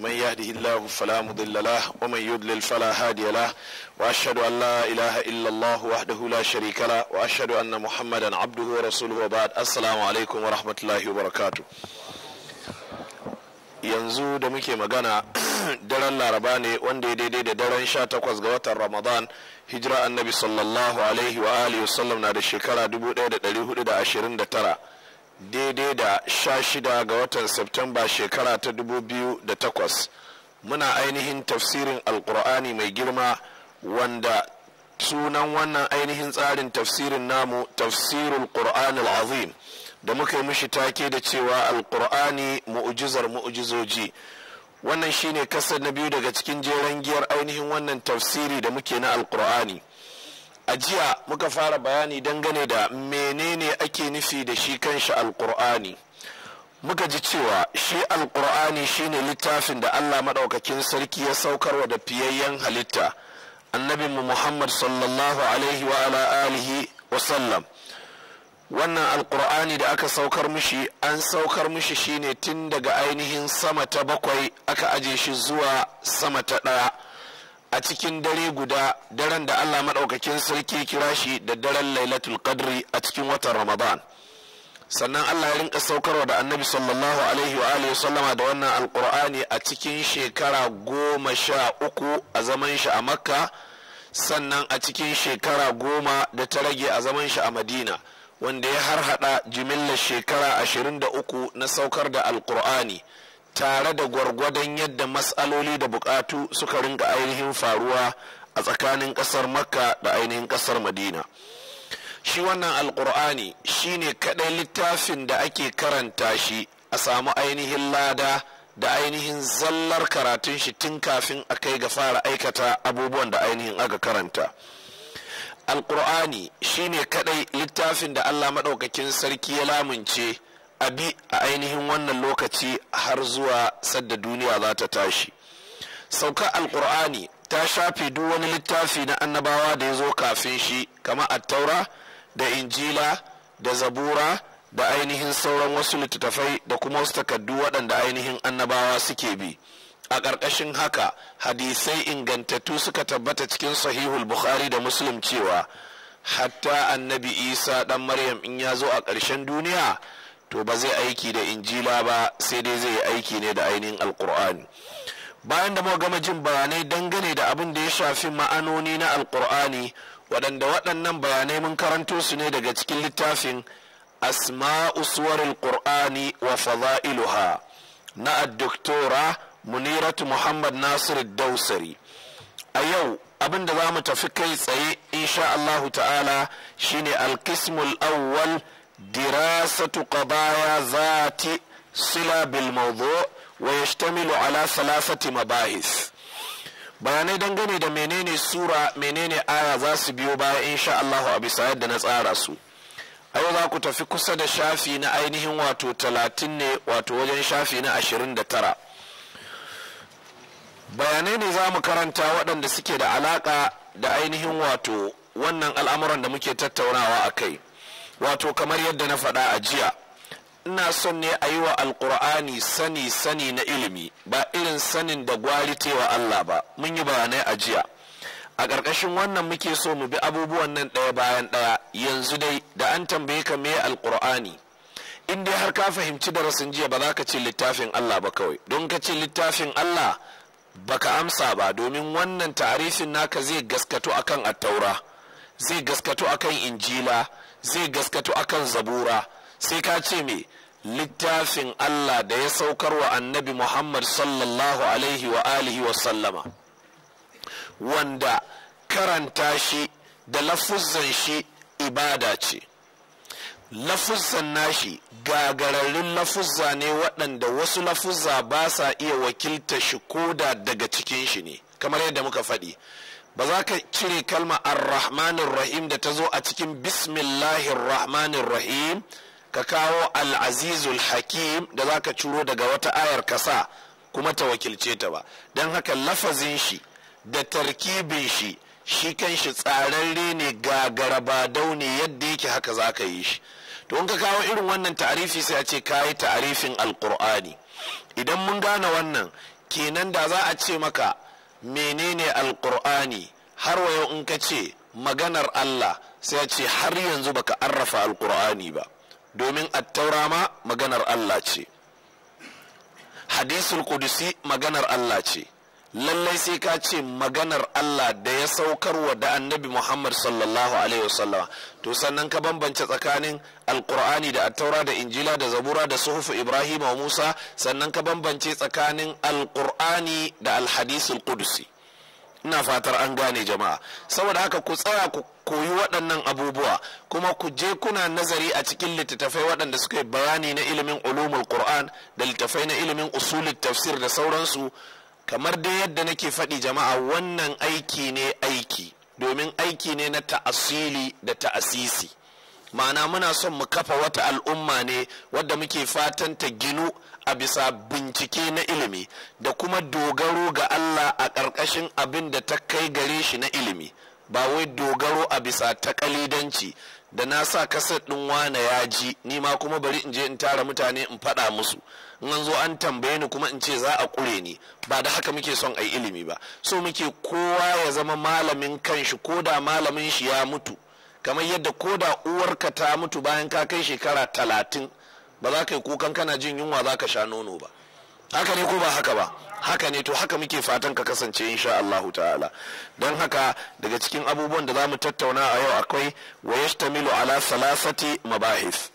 من يهده الله فلا مضل له ومن يضلل فلا هادي له واشهد ان لا اله الا الله وحده لا شريك له واشهد ان محمدا عبده ورسوله وبعد السلام عليكم ورحمه الله وبركاته yanzu da muke magana daren laraba ne wanda ya daidai da daren sha takwas ga watan ramadan hijira annabi sallallahu alaihi wa alihi wasallam na da shekara 1429 daidai da sha shida ga watan Septemba shekara ta dubu biyu da takwas muna ainihin tafsirin alkur'ani mai girma wanda sunan wannan ainihin tsarin tafsirin namu tafsirul qur'an azim da muka yi mishi take da cewa alkur'ani mu'ujizar mu'ujizoji wannan shine kasar na biyu daga cikin jeren giyar ainihin wannan tafsiri da muke na alkur'ani a jiya muka fara bayani dangane da menene ake nufi da shi kanshi alkur'ani muka ji cewa shi alkur'ani shine littafin da allah maɗaukakin sarki ya saukar wa da fiyayyen halitta annabinmu muhammad sallallahu alaihi wa ala alihi wasallam wannan alkur'ani da aka saukar mishi an saukar mishi shine tun daga ainihin sama ta bakwai aka aje shi zuwa sama ta ɗaya a cikin dare guda daren da Allah maɗaukakin sarki kira shi da daren lailatul qadri a cikin watan ramadan sannan Allah ya rinka saukarwa da annabi sallallahu alaihi wa alihi sallama da wannan alqur'ani a cikin shekara goma sha uku a zaman shi a makka sannan a cikin shekara goma da ta rage a zaman shi a madina wanda ya harhaɗa jimillar shekara ashirin da uku na saukar da alqur'ani tare da gwargwadon yadda matsaloli da bukatu suka rinka ainihin faruwa a tsakanin kasar makka da ainihin kasar madina shi wannan alkur'ani ne kadai littafin da ake karanta shi a samu ainihin lada da ainihin zallar karatun shi tun kafin a kai ga fara aikata abubuwan da ainihin aka karanta alkur'ani ne kadai littafin da allah maɗaukakin sarki ya lamunce a bi a ainihin wannan lokaci har zuwa sadda duniya za ta tashi sauka alkur'ani ta shafe duk wani littafi na annabawa da ya zo kafin shi kamar attaura da injila da zabura da ainihin sauran wasu littattafai da kuma wasu takaddu waɗanda ainihin annabawa suke bi a ƙarƙashin haka hadisai ingantattu suka tabbata cikin sahihul bukhari da muslim cewa hatta annabi isa ɗan maryam in ya zo a ƙarshen duniya to ba zai aiki da injila ba sai dai zai aiki ne da ainihin alkur'ani bayan da gama jin bayanai dangane da abin da ya shafi ma'anoni na alkur'ani waɗanda waɗannan bayanai mun karanto su ne daga cikin littafin asma uswar alkur'ani wa fada'iluha na addoktora muniratu muhammad nasir dausari a yau abin da za mu tafi kai tsaye insha allahu ta'ala shine alkismul awwal دراسة قضايا ذات صلة بالموضوع ويشتمل على ثلاثة مباحث bayanai dangane da menene sura menene aya za su biyo baya insha Allah a bisa yadda na tsara su a yau za ku tafi kusa da shafi na ainihin wato talatin ne wato wajen shafi na ashirin da tara bayanai ne za mu karanta waɗanda suke da alaƙa da ainihin wato wannan al'amuran da muke tattaunawa a kai wato kamar yadda na faɗa a jiya ina son ne a yi wa alkur'ani sani sani na ilimi ba irin sanin da gwari wa Allah ba mun yi bayanai a jiya a ƙarƙashin wannan muke so mu bi abubuwan nan ɗaya bayan ɗaya yanzu dai da an tambaye ka me alkur'ani in dai har ka fahimci darasin jiya ba za ka ce littafin Allah ba kawai don ka ce littafin Allah baka amsa ba domin wannan ta'arifin naka zai gaskato akan attaura zai gaskato akan injila zai gaskatu akan zabura sai ka ce me littafin Allah da ya saukar wa annabi Muhammad sallallahu alaihi wa alihi wa sallama wanda karanta shi da lafuzzan shi ibada ce lafuzan nashi gagararrun lafuzza ne waɗanda wasu lafuzza ba sa iya wakilta shi koda daga cikin shi ne kamar yadda muka faɗi ba za ka cire kalma ar-rahmanir rahim da ta zo a cikin bismillahir rahmanir rahim ka kawo al-azizul hakim da za ka ciro daga wata ayar kasa kuma ta wakilce ta ba don haka lafazin shi da tarkibin shi shi kan shi tsararre ne dau daune yadda yake haka za ka yi shi to in ka kawo irin wannan ta'arifi sai a ce ka yi ta'arifin alkur'ani idan mun gane wannan kenan da za a ce maka menene alkur'ani har wayo in ka ce maganar Allah sai ce har yanzu baka arrafa alkur'ani ba domin attaura ma maganar Allah ce hadisul kudusi maganar Allah ce lallai sai ka ce maganar Allah da ya saukar wa da annabi Muhammad sallallahu alaihi wasallam to sannan ka bambance tsakanin alkur'ani da attaura da injila da zabura da suhufu ibrahim wa musa sannan ka bambance tsakanin alkur'ani da alhadisul qudusi ina fatar an gane jama'a saboda haka ku tsaya ku koyi waɗannan abubuwa kuma ku je kuna nazari a cikin littattafai waɗanda suka yi bayani na ilimin ulumul qur'an da littattafai na ilimin usulul tafsir da sauransu kamar dai yadda nake faɗi jama'a wannan aiki ne aiki domin aiki ne na ta'asili da ta'asisi ma'ana muna son mu kafa wata al'umma ne wadda muke fatan ta ginu a bisa bincike na ilimi da kuma dogaro ga Allah a ƙarƙashin abin da ta kai gare shi na ilimi ba wai dogaro a bisa ta kalidanci da na sa kasar ɗin wane ya ji ni ma kuma bari in je in tara mutane in faɗa musu in zo an tambaye ni kuma in ce za a kure ni ba da haka muke son a yi ilimi ba so muke kowa ya zama malamin kanshi ko da malamin shi ya mutu kamar yadda ko da uwarka ta mutu bayan ka kai shekara talatin ba za ka yi kukan kana jin yunwa za ka sha nono ba haka ne ko ba haka ba haka ne to haka muke fatan ka kasance insha Allah ta'ala don haka daga cikin abubuwan da za mu tattauna a yau akwai wa yashtamilu ala salasati mabahis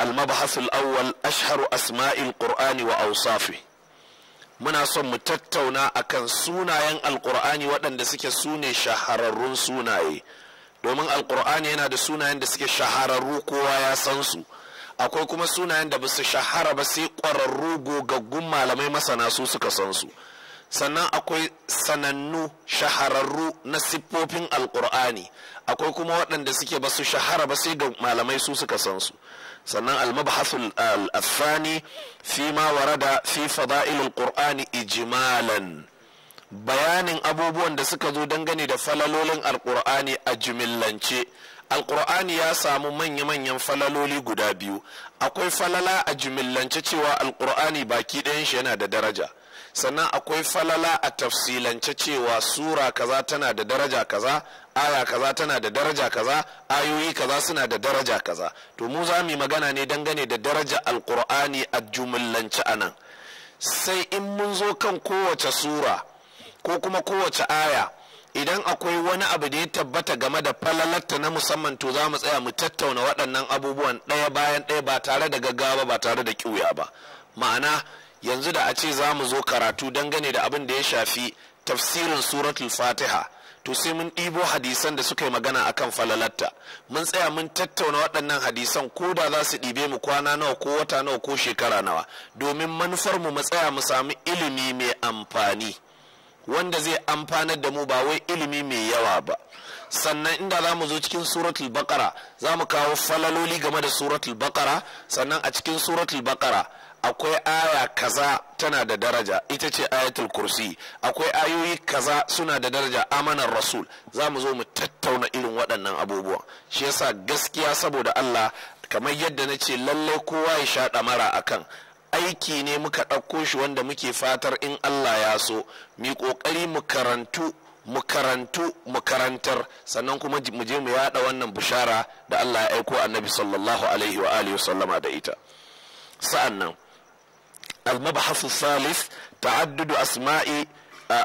المبحث الأول أشهر أسماء القرآن وأوصافه muna son mu tattauna akan sunayen alkur'ani waɗanda suke sune shahararrun sunaye domin alkur'ani yana da sunayen da suke shahararru kowa ya san su akwai kuma sunayen da ba su shahara ba sai ƙwararru gogaggun malamai masana su suka san su sannan akwai sanannu shahararru na siffofin alkur'ani akwai kuma waɗanda suke ba su shahara ba sai ga malamai su suka san su sannan almabhasul al asani fi ma warada fi fada'ilul qur'ani ijmalan bayanin abubuwan da suka zo dangane da falalolin alqur'ani a jimillance alqur'ani ya samu manya-manyan falaloli guda biyu akwai falala a jimillance cewa alqur'ani baki ɗayan shi yana da daraja sannan akwai falala a tafsilance cewa sura kaza tana da daraja kaza aya kaza tana da daraja kaza ayoyi kaza suna da daraja kaza to mu za mu yi magana ne dangane da daraja alkur'ani a jumullanci anan sai in mun zo kan kowace sura ko kuma kowace aya idan akwai wani abu da ya tabbata game da falalarta na musamman to za mu tsaya mu tattauna waɗannan abubuwan ɗaya bayan ɗaya ba tare da gaggawa ba tare da ƙiuya ba ma'ana yanzu da a ce za mu zo karatu dangane da abin da ya shafi tafsirin suratul fatiha to sai mun ɗibo hadisan da suka yi magana akan falalatta mun tsaya mun tattauna waɗannan hadisan ko da za su ɗibe mu kwana nawa ko wata nawa ko shekara nawa domin manufar mu tsaya mu samu ilimi mai amfani wanda zai amfanar da mu ba wai ilimi mai yawa ba sannan inda za mu zo cikin suratul bakara za mu kawo falaloli game da suratul bakara sannan a cikin suratul bakara akwai aya kaza tana da daraja ita ce ayatul kursi akwai ayoyi kaza suna da daraja amanar rasul za mu zo mu tattauna irin waɗannan abubuwan shi yasa gaskiya saboda allah kamar yadda na ce lallai kowa ya sha ɗamara akan aiki ne muka ɗauko shi wanda muke fatar in allah ya so mu ƙoƙari mu karantu mu karantu mu karantar sannan kuma mu je mu yada wannan bishara da Allah ya aiko annabi sallallahu alaihi wa alihi sallama da ita sa'an nan المبحث الثالث تعدد أسماء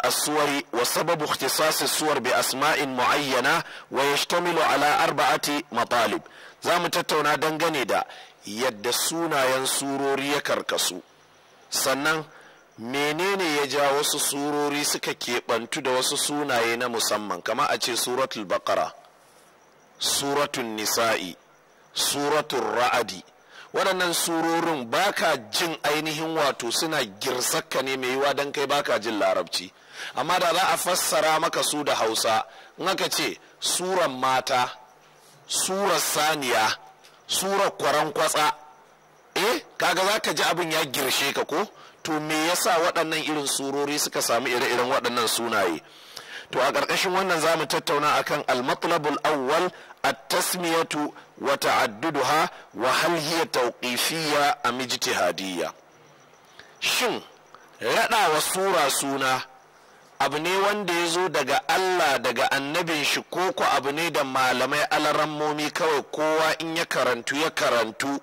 الصور وسبب اختصاص الصور بأسماء معينة ويشتمل على أربعة مطالب زام تتونا دنغني دا يد سونا ينصوروري يكركسو sannan menene ya ja wasu surori suka keɓantu da wasu sunaye na musamman kama a ce suratul baqara suratul nisa'i suratul ra'adi waɗannan surorin ba ka jin ainihin wato suna girsakka ne mai yiwa don kai ba ka jin larabci amma da za a fassara maka su da hausa in aka ce suran mata surar saniya surar kwaran kwatsa eh kaga za ka ji abin ya girshe ka ko to me yasa waɗannan irin surori suka samu ire-iren waɗannan sunaye to a ƙarƙashin wannan za mu tattauna akan al-matlabul awwal at-tasmiyatu wa ta'adduduha wa hal hiya tawqifiyya am Hadiyya. shin raɗa wa sura suna abu ne wanda ya zo daga Allah daga annabin shi ko ku abu ne da malamai alarammomi kawai kowa in ya karantu ya karantu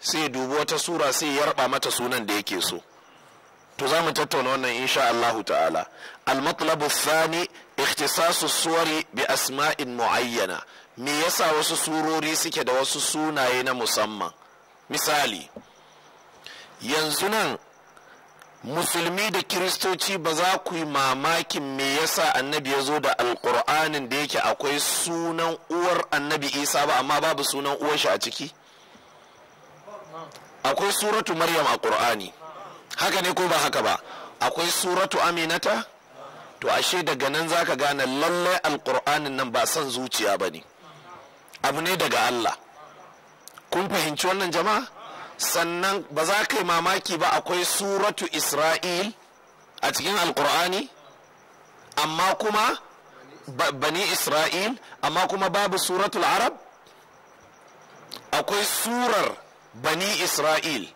sai dubi wata sura sai ya raba mata sunan da yake so to za mu tattauna wannan insha Allah ta'ala al-matlabu thani ikhtisasu suwari bi asma'in muayyana me yasa wasu surori suke da wasu sunaye na musamman misali yanzu nan musulmi da kiristoci ba za ku yi mamakin me yasa annabi ya zo da alkur'anin da yake akwai sunan uwar annabi isa ba amma babu sunan uwar shi a ciki akwai suratu maryam a ƙur'ani haka ne ko ba haka ba akwai suratu aminata to ashe daga nan za ka gane lallai alkur'anin nan ba son zuciya ba ne abu ne daga Allah kun fahimci wannan jama'a sannan ba za ka yi mamaki ba akwai suratu isra'il a cikin alkur'ani amma kuma bani isra'il amma kuma babu suratu arab akwai surar bani isra'il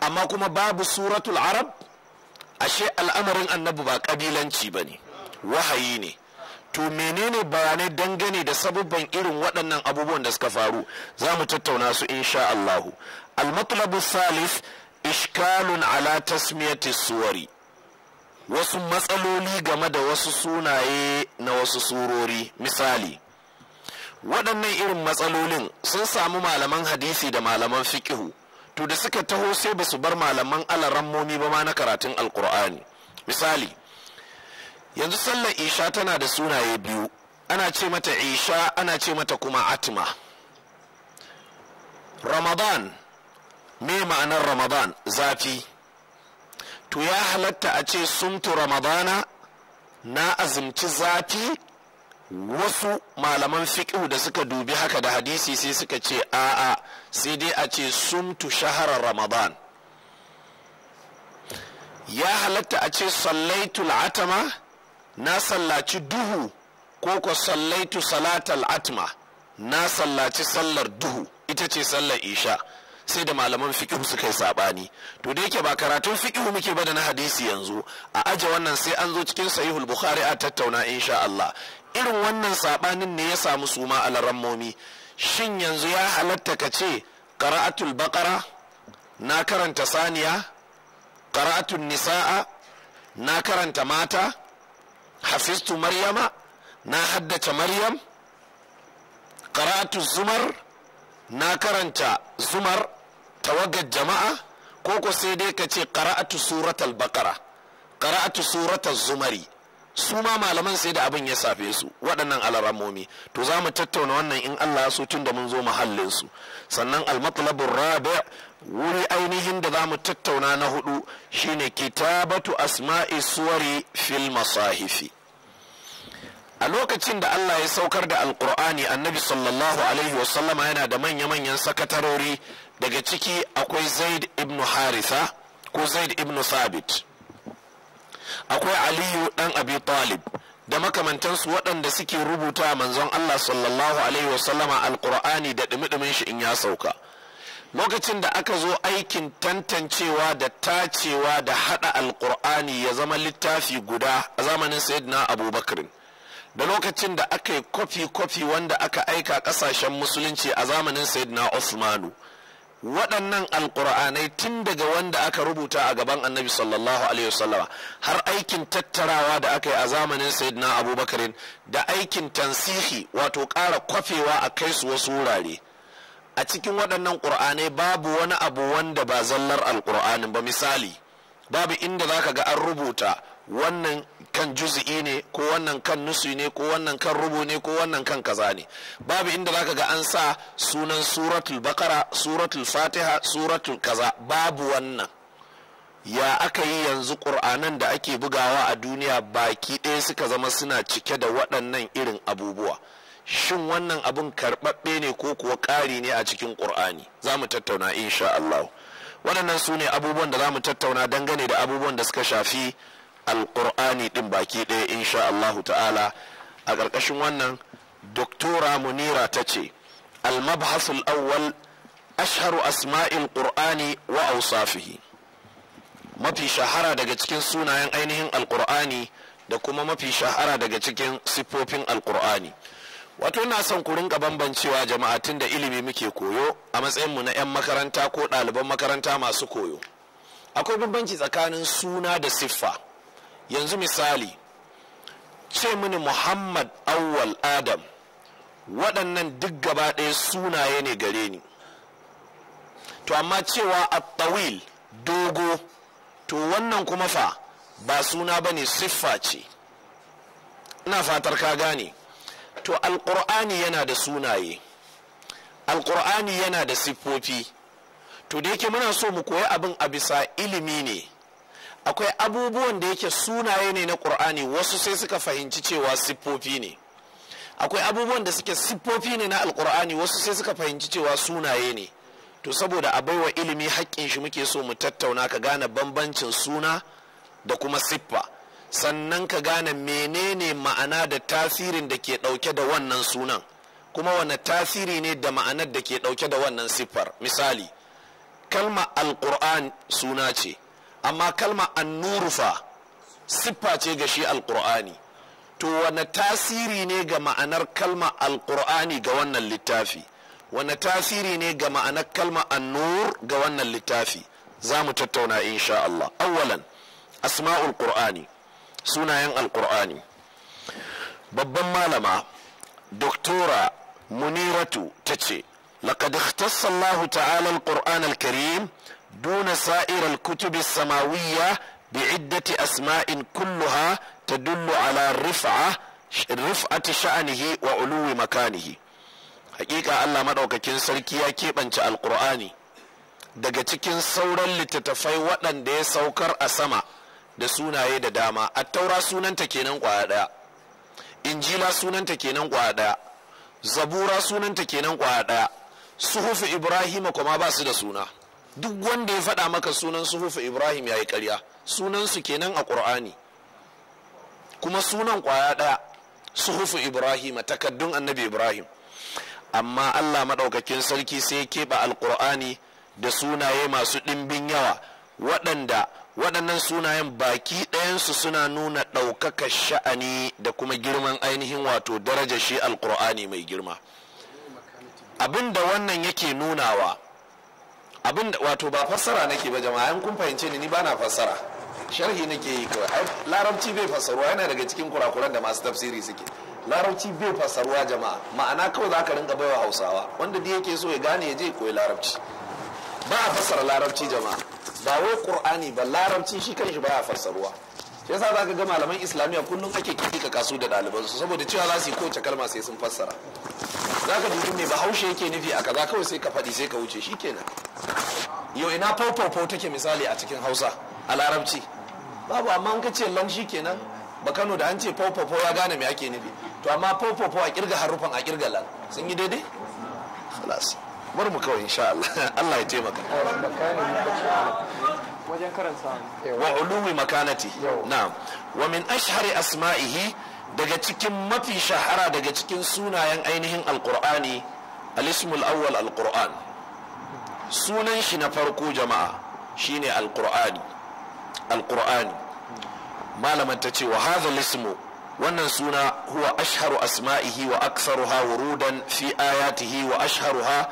amma kuma babu suratul arab ashe al'amarin annabu ba kabilanci ba ne wahayi ne to menene bayanai dangane da sabbin irin waɗannan abubuwan da suka faru za mu tattauna su insha Allahu al salis ishkalun ala tasmiyati suwari wasu matsaloli game da wasu sunaye na wasu surori misali waɗannan irin matsalolin sun samu malaman hadisi da malaman fiƙihu to da suka taho sai ba su bar malaman alarammomi ba ma na karatun alkur'ani misali yanzu sallar isha tana da sunaye biyu ana ce mata isha ana ce mata kuma atma ramadan me ma'anar ramadan zafi to ya halatta a ce sumtu ramadana na azumci zafi wasu malaman fiƙihu da suka dubi haka da hadisi sai suka ce a'a sai dai a ce sumtu shaharar ramadan ya halatta a ce sallaitul atama na sallaci duhu ko ko sallaitu salatal atma na sallaci sallar duhu ita ce sallar isha sai da malaman fikihu suka yi sabani to da yake ba karatun fikihu muke ba da na hadisi yanzu a aje wannan sai an zo cikin sahihul bukhari a tattauna insha Allah irin wannan sabanin ne ya samu suma a larammomi shin yanzu ya halatta ka ce qara'atul baqara na karanta saniya qara'atul nisaa na karanta mata hafistu maryama na haddace maryam karatu zumar na karanta zumar tawagar jama'a ko ko sai dai ka ce karatu suratul baqara karatu suratul zumari su ma malaman sai da abin ya safe su waɗannan alaramomi to za mu tattauna wannan in Allah ya so tun da mun zo mahallin su sannan al-matlabur rabi' wuri ainihin da za mu tattauna na hudu shine kitabatu asma'i suwari fil masahifi a lokacin da Allah ya saukar da alkur'ani annabi sallallahu alaihi wasallama yana da manya-manyan sakatarori daga ciki akwai zaid ibn haritha ko zaid ibn Sabit. akwai aliyu dan abi talib da makamantansu waɗanda suke rubuta manzon Allah sallallahu alaihi wasallama alkur'ani da ɗumi-ɗumin shi in ya sauka lokacin da aka zo aikin tantancewa da tacewa da haɗa alkur'ani ya zama littafi guda a zamanin sayyidina abubakar da lokacin da aka yi kwafi-kwafi wanda aka aika ƙasashen musulunci a zamanin sayyidina usmanu waɗannan alkur'anai tun daga wanda aka rubuta a gaban annabi sallallahu alaihi wasallama har aikin tattarawa da aka yi a zamanin sayyidina Abubakar da aikin tansihi wato ƙara kwafewa a kai su wasu wurare a cikin waɗannan ƙur'anai babu wani abu wanda ba zallar alƙur'anin ba misali babu inda za ka ga an rubuta wannan kan juzi'i ne ko wannan kan nusu ne ko wannan kan rubu ne ko wannan kan kaza ne babu inda za ka ga an sa sunan suratul bakara suratul fatiha suratul kaza babu wannan ya aka yi yanzu ƙur'anan da ake bugawa a duniya baki ɗaya suka zama suna cike da waɗannan irin abubuwa shin wannan abun karɓaɓɓe ne ko kuwa ƙari ne a cikin ƙur'ani za mu tattauna insha Allah waɗannan su ne abubuwan da za mu tattauna dangane da abubuwan da suka shafi alƙur'ani ɗin baki ɗaya insha Allah ta'ala a ƙarƙashin wannan doktora munira ta ce almabhasul awwal ashharu asma'il qur'ani wa awsafihi mafi shahara daga cikin sunayen ainihin alƙur'ani da kuma mafi shahara daga cikin siffofin alƙur'ani wato ina son ku rinka bambancewa jama'a tun da ilimi muke koyo a matsayin mu na 'yan makaranta ko ɗaliban makaranta masu koyo akwai bambanci tsakanin suna da siffa yanzu misali ce mini muhammad awwal adam waɗannan duk gaba ɗaya sunaye ne gare ni to amma cewa a tawil dogo to wannan kuma fa ba suna ba ne siffa ce ina fatar ka gane to alƙur'ani yana da sunaye alƙur'ani yana da siffofi to da yake muna so mu koyi abin a bisa ilimi ne akwai abubuwan da yake sunaye ne na ƙur'ani wasu sai suka fahimci cewa siffofi ne akwai abubuwan da suke siffofi ne na alƙur'ani wasu sai suka fahimci cewa sunaye ne to saboda a baiwa ilimi haƙƙin shi muke so mu tattauna ka gane bambancin suna da kuma siffa sannan ka gane menene ma'ana da tasirin da ke ɗauke da wannan sunan kuma wane tasiri ne da ma'anar da ke ɗauke da wannan siffar misali kalma alƙur'an suna ce amma kalma annurufa siffa ce ga shi alƙur'ani to wane tasiri ne ga ma'anar kalma alƙur'ani ga wannan littafi wane tasiri ne ga ma'anar kalma annur ga wannan littafi za mu tattauna insha Allah awwalan asma'ul qur'ani sunayen alkur'ani babban malama doktora muniratu ta ce لقد اختص الله تعالى القرآن الكريم دون سائر الكتب السماوية بعدة أسماء كلها تدل على الرفعة رفعة شأنه وعلو مكانه حقيقة الله مدعوك كن سلكيا كيبانت القرآن daga cikin sauran littattafai waɗanda ya saukar a sama da sunaye da dama attaura sunanta kenan kwaya daya injila sunanta kenan kwaya daya zabura sunanta kenan kwaya daya suhufu ibrahima kuma ba su da suna duk wanda ya faɗa maka sunan suhufu ibrahim ya yi ƙarya sunansu kenan a ƙur'ani kuma sunan kwaya ɗaya suhufu ibrahim takaddun annabi ibrahim amma allah maɗaukakin sarki sai keɓe alƙur'ani da sunaye masu ɗimbin yawa waɗanda waɗannan sunayen baki ɗayansu suna nuna ɗaukakar sha'ani da kuma girman ainihin wato daraja shi Alƙur'ani mai girma abinda wannan yake nunawa abinda wato ba fassara nake ba jama'a kun fahimce ni ni bana fassara sharhi nake yi kawai larabci bai fassaruwa yana daga cikin kurakuran da masu tafsiri suke larabci bai fassaruwa jama'a ma'ana kawai za ka rinka baiwa hausawa wanda da yake so ya gane ya je koyi larabci ba a fassara larabci jama'a ba wai qur'ani ba larabci shi kan shi baya fassaruwa shi yasa zaka ga malaman islamiyya kullum ake ka kasu da ɗaliban su saboda cewa za su yi kowace kalma sai sun fassara zaka dubi me bahaushe yake nufi a kaza kawai sai ka faɗi sai ka wuce shikenan yau ina faufau take misali a cikin hausa a larabci babu amma an ka ce shi shikenan ba kano da an ce faufau ya gane me ake nufi to amma faufau a kirga harufan a kirga lan sun yi daidai bar mu kawai insha Allah Allah ya taimaka wajen karanta wa ulumi makanati na'am wa min ashhari asma'ihi daga cikin mafi shahara daga cikin sunayen ainihin alqur'ani al-ismul awwal alqur'an sunan shi na farko jama'a shine alqur'ani alqur'ani malaman ta ce wa hadha ismu wannan suna huwa ashharu asma'ihi wa aktsaruha wurudan fi ayatihi wa ashharuha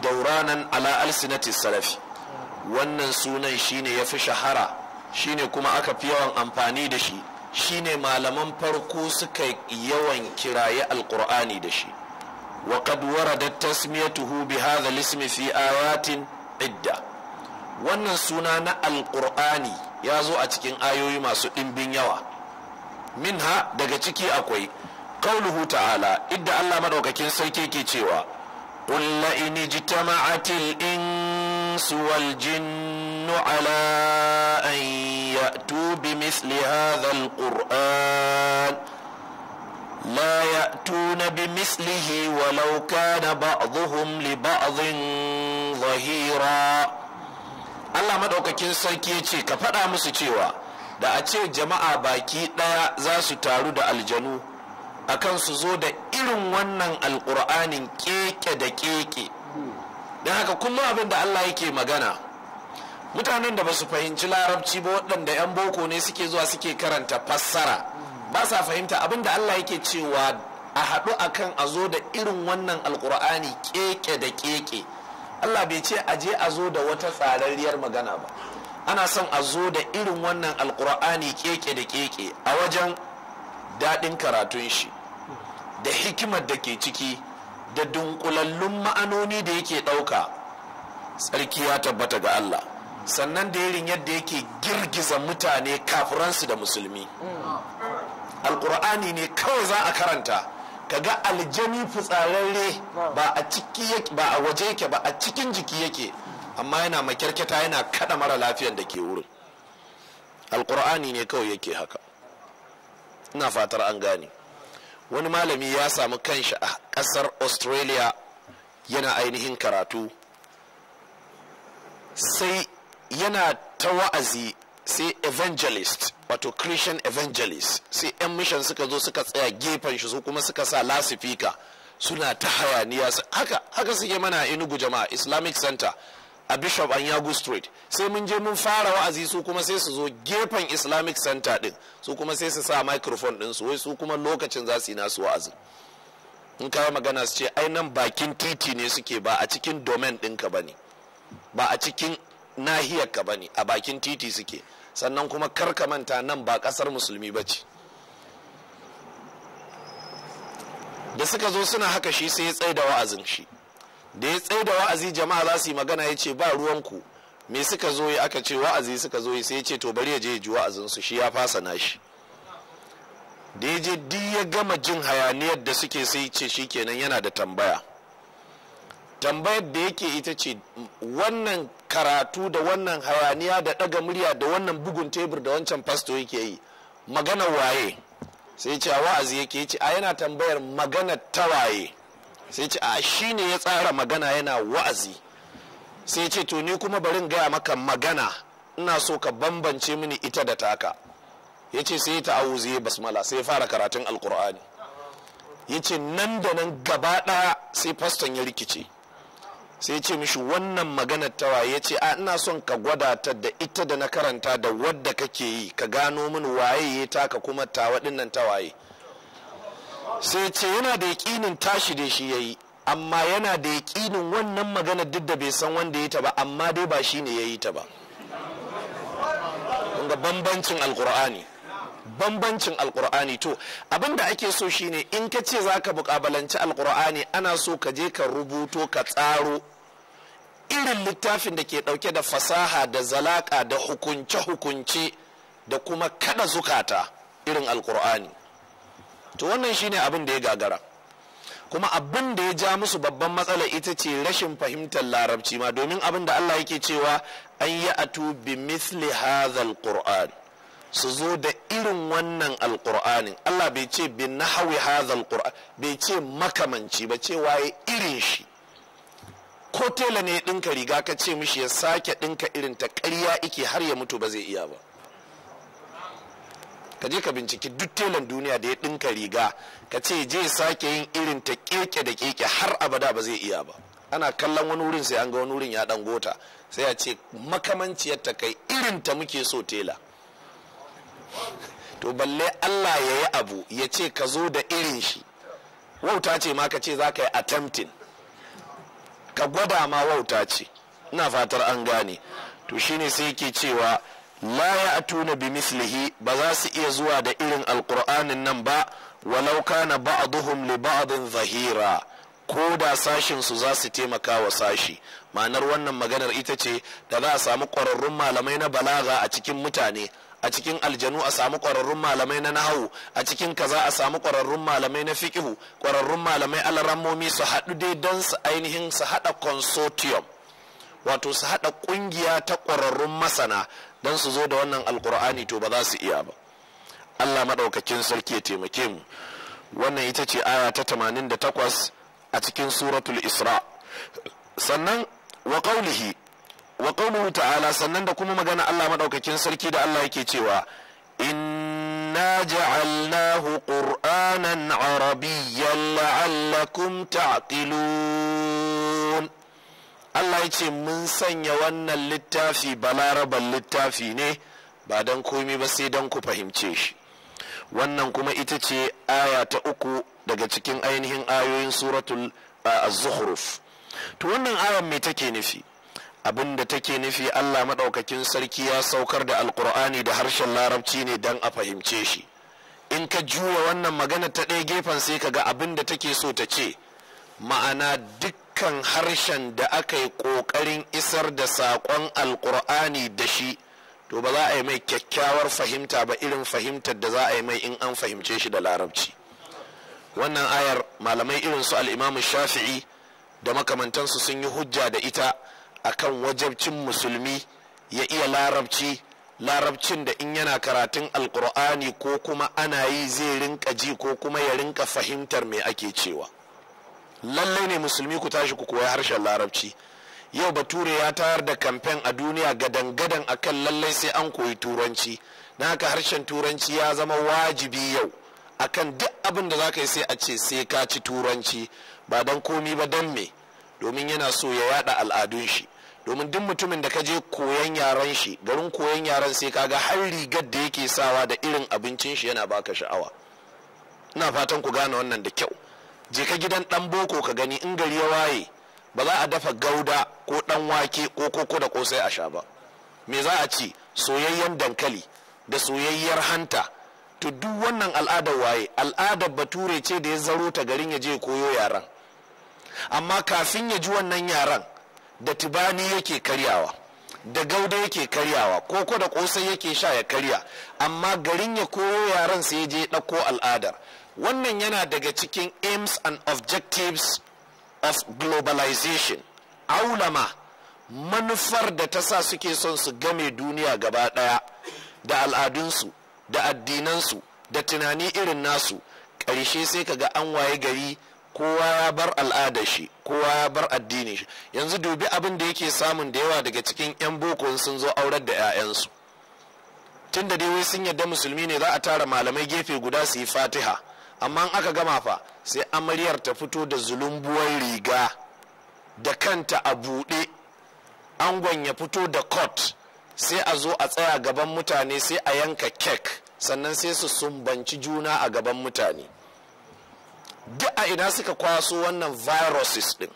dauranan ala alsinati salafi wannan sunan shine ya fi shahara shine kuma aka fi yawan amfani da shi shine malaman farko suka yawan kiraye alkur'ani da shi wa qad waradat tasmiyatuhu bi hadha ismi fi ayatin idda wannan suna na alkur'ani ya zo a cikin ayoyi masu ɗimbin yawa minha daga ciki akwai qauluhu ta'ala idda Allah madaukakin sarki ke cewa قل لئن اجتمعت الإنس والجن على أن يأتوا بمثل هذا القرآن لا يأتون بمثله ولو كان بعضهم لبعض ظهيرا Allah maɗaukakin sarki ya ce ka faɗa musu cewa da a ce jama'a baki ɗaya za su taru da aljanu akan su zo da irin wannan alƙur'anin keke da keke don haka kullum abin da Allah yake magana mutanen da ba su fahimci larabci ba waɗanda 'yan boko ne suke zuwa suke karanta fassara ba sa fahimta abin da Allah yake cewa a haɗu akan a zo da irin wannan alƙur'ani keke da keke Allah bai ce a je a zo da wata tsararriyar magana ba ana son a zo da irin wannan Alƙur'ani keke da keke a wajen daɗin karatun shi da hikimar da ke ciki da dunkulallun ma'anoni da yake ɗauka tsarki ya tabbata ga Allah sannan da irin yadda yake girgiza mutane kafuransu da musulmi alkur'ani ne kawai za a karanta ka ga aljani fitsararre ba a ciki ba a waje yake ba a cikin jiki yake amma yana makyarkyata yana kada mara lafiyan da ke wurin alkur'ani ne kawai yake haka ina fatar an gane wani malami ya samu kanshi a ƙasar australia yana ainihin karatu sai yana ta wa'azi sai evangelist wato christian evangelist sai 'yan mishan suka zo suka tsaya gefen shi su kuma suka sa lasifika suna ta hayaniya haka haka suke mana inugu jama'a islamic center a bishop an yagu street sai mun je mun fara wa'azi su kuma sai su zo gefen islamic center din su kuma sai su sa microphone din su wai su kuma lokacin za su yi nasu wa'azi in kawo magana su ce ai nan bakin titi ne suke ba a cikin domain ɗinka ba ne ba a cikin nahiyarka ba ne a bakin titi suke sannan kuma kar ka manta nan ba kasar musulmi ba ce da suka zo suna haka shi sai ya tsaye wa'azin shi da ya tsaye da wa'azi jama'a za su yi magana ya ce ba ruwanku me suka zo yi aka ce wa'azi suka zo yi sai ya ce to bari ya je ji wa'azinsu shi ya fasa nashi da ya je duk ya gama jin hayaniyar da suke sai ce shi kenan yana da tambaya tambayar da yake ita ce wannan karatu da wannan hayaniya da ɗaga murya da wannan bugun tebur da wancan fasto yake yi magana waye sai ce wa'azi yake ce a yana tambayar magana ta waye sai ce a shi ne ya tsara magana yana wa'azi sai ce to ni kuma barin gaya maka magana ina so ka bambance mini ita da taka ya ce sai ta auzi basmala sai fara karatun alkur'ani ya ce nan da nan gaba ɗaya sai faston ya rikice sai ce mishi wannan maganar tawa ya ce a ina son ka gwada ta da ita da na karanta da wadda kake yi ka gano min waye ya taka kuma ta waɗin nan tawaye sai ce yana da yaƙinin tashi da shi ya yi amma yana da yaƙinin wannan magana duk da bai san wanda ya ta ba amma dai ba shi ne ya yi ta ba ga bambancin alkur'ani bambancin alkur'ani to abinda ake so shine in ka ce za ka buƙabalanci alkur'ani ana so ka je ka rubuto ka tsaro irin littafin da ke ɗauke da fasaha da zalaka da hukunce-hukunce da kuma kada zukata irin alkur'ani to wannan shine abin da ya gagara kuma abin da ya ja musu babban matsala ita ce rashin fahimtar larabci ma domin abin da Allah yake cewa an yi atu bi misli hadhal qur'an su zo da irin wannan alqur'anin Allah bai ce bi nahwi hadhal qur'an bai ce makamanci ba ce waye irin shi ko tela ne dinka riga ka ce mishi ya sake dinka irin ta ƙarya ike har ya mutu ba zai iya ba ka je ka binciki duk telan duniya da ya ɗinka riga ka ce je sake yin irin ta keke da keke har abada ba zai iya ba ana kallon wani wurin sai an ga wani wurin ya dan gota sai a ce makamanciyar ta kai irin ta muke so tela to balle Allah ya yi abu ya ce ka zo da irin shi wauta ce ma ka ce za ka yi attempting ka gwada ma wauta ce ina fatar an gane to shine sai yake cewa la ya'tuna bi mislihi ba za su iya zuwa da irin alqur'anin nan ba walau kana ba'dhum li ba'din zahira ko da sashin su za su taimaka wa sashi ma'anar wannan maganar ita ce da za a samu ƙwararrun malamai na balaga a cikin mutane a cikin aljanu a samu ƙwararrun malamai na nahawu a cikin kaza a samu ƙwararrun malamai na fikihu ƙwararrun malamai alarammomi su haɗu dai don su ainihin su haɗa consortium wato su haɗa ƙungiya ta ƙwararrun masana don su zo da wannan alkur'ani to ba za su iya ba allah maɗaukakin sarki ya taimake mu wannan ita ce aya ta 88 a cikin suratul isra sannan wa qawlihi wa qawluhu ta'ala sannan da kuma magana allah maɗaukakin sarki da allah yake cewa inna ja'alnahu qur'anan arabiyyan la'allakum ta'qilun Allah ya ce mun sanya wannan littafi balaraban littafi ne ba don komi ba sai don ku fahimce shi wannan kuma ita ce aya ta uku daga cikin ainihin ayoyin suratul zuhruf to wannan ayan me take nufi abin da take nufi Allah maɗaukakin sarki ya saukar da alkur'ani da harshen larabci ne don a fahimce shi in ka juwa wannan magana ta ɗaya gefen sai ka ga abin da take so ta ce ma'ana duk dukkan harshen da aka yi ƙoƙarin isar da saƙon alƙur'ani da shi to ba za a yi mai kyakkyawar fahimta ba irin fahimtar da za a yi mai in an fahimce shi da larabci wannan ayar malamai irin su al'imamu shafi'i da makamantansu sun yi hujja da ita akan wajabcin musulmi ya iya larabci larabcin da in yana karatun alkur'ani ko kuma ana yi zai rinka ji ko kuma ya rinka fahimtar me ake cewa lallai ne musulmi ku tashi ku koyi harshen larabci yau bature ya tayar da kamfen a duniya gadan-gadan akan lallai sai an koyi turanci na haka harshen turanci ya zama wajibi yau akan duk abin da za ka yi sai a ce sai ka ci turanci ba don komi ba don me domin yana so ya yada al'adun shi domin duk mutumin da ka je koyan yaren shi garin koyan yaren sai ka ga har rigar da yake sawa da irin abincin shi yana baka sha'awa ina fatan ku gane wannan da kyau je ka gidan dan boko ka gani in gari ya waye ba za a dafa gauda ko dan wake ko koko da kosai a sha ba me za a ci soyayyen dankali da soyayyar hanta to duk wannan al'adar waye al'adar bature ce da ya zaro ta garin ya je koyo yaran amma kafin ya ji wannan yaran da tubani yake karyawa da gauda yake karyawa koko da kosai yake sha ya karya amma garin ya koyo yaran sai ya je ɗauko al'adar wannan yana daga cikin aims and objectives of globalization aulama manufar da ta sa suke son su game duniya gaba ɗaya da al'adunsu da addinansu da tunani irin nasu ƙarshe sai kaga an waye gari kowa ya bar al'adar shi kowa ya bar addinin shi yanzu dubi abin da yake samun da yawa daga cikin 'yan boko sun zo aurar da 'ya'yansu tun da dai wai sun yarda musulmi ne za a tara malamai gefe guda su yi fatiha amma aka gama fa sai amaryar ta fito da zulumbuwar riga da kanta a buɗe angon ya fito da kot sai a zo a tsaya gaban mutane sai a yanka kek sannan sai su sumbanci juna a gaban mutane duk a ina suka kwaso wannan viruses din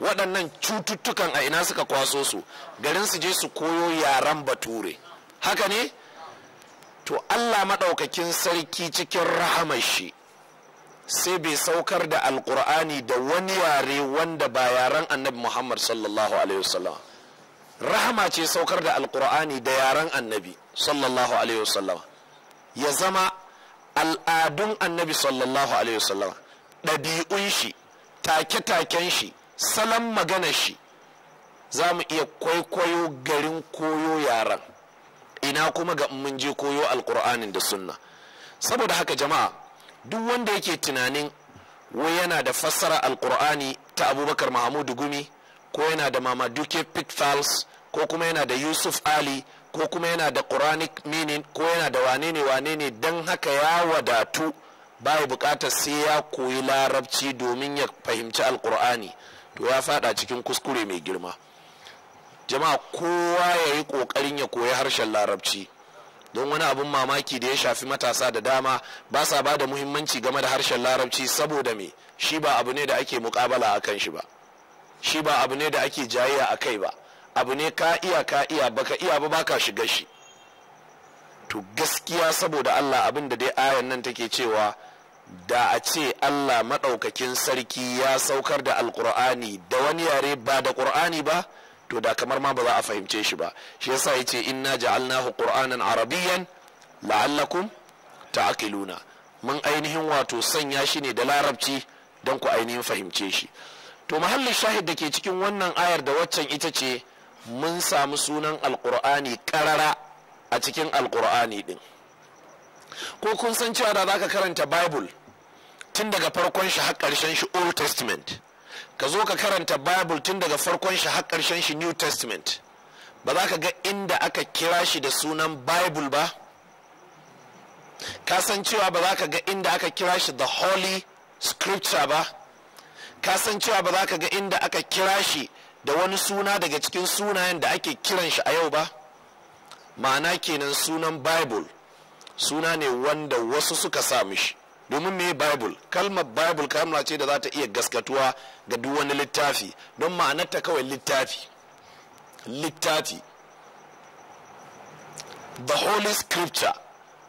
waɗannan cututtukan a ina suka kwaso su garin su je su koyo yaren bature haka ne to allah maɗaukakin sarki cikin rahamar shi sai bai saukar da alkur'ani da wani yare wanda ba yaren annabi muhammad sallallahu alaihi wasallam rahama ce saukar da alkur'ani da yaren annabi sallallahu alaihi wasallam ya zama al'adun annabi sallallahu alaihi wasallam ɗabi'un shi take-taken shi salon magana shi za mu iya kwaikwayo garin koyo yaren ina kuma ga mun je koyo alkur'anin da sunna saboda haka jama'a duk wanda yake tunanin wai yana da fassara alkur'ani ta abubakar mahamudu gumi ko yana da mamaduke pitfalls ko kuma yana da yusuf ali ko kuma yana da quranic meaning ko yana da wane ne wane ne don haka ya wadatu bai bukatar sai ya koyi larabci domin ya fahimci alkur'ani to ya fada cikin kuskure mai girma jama'a kowa ya yi kokarin ya koyi harshen larabci don wani abun mamaki da ya shafi matasa da dama ba sa ba da muhimmanci game da harshen larabci saboda me shi ba abu ne da ake mukabala a kan shi ba shi ba abu ne da ake jayayya a kai ba abu ne ka iya ka iya baka iya ba baka shiga shi to gaskiya saboda Allah abin da dai ayan nan take cewa da a ce Allah maɗaukakin sarki ya saukar da alkur'ani da wani yare ba da ƙur'ani ba to da kamar ma ba za a fahimce shi ba shi yasa yace inna ja'alnahu qur'anan arabiyyan la'allakum ta'qiluna mun ainihin wato sanya shi ne da larabci don ku ainihin fahimce shi to mahallin shahid da ke cikin wannan ayar da waccan ita ce mun samu sunan alqur'ani karara a cikin alqur'ani din ko kun san cewa da zaka karanta bible tun daga farkon shi har karshen shi old testament ka zo ka karanta bible tun daga farkon shi har karshen shi new testament ba za ka ga inda aka kira shi da sunan bible ba ka san cewa ba za ka ga inda aka kira shi the holy scripture ba ka san cewa ba za ka ga inda aka kira shi da wani suna daga cikin sunayen da ake kiran shi a yau ba ma'ana kenan sunan bible suna ne wanda wasu suka sa mishi domin me bible kalmar bible kalma ce da za ta iya gaskatuwa ga duk wani littafi don ma'anarta kawai littafi littafi the holy scripture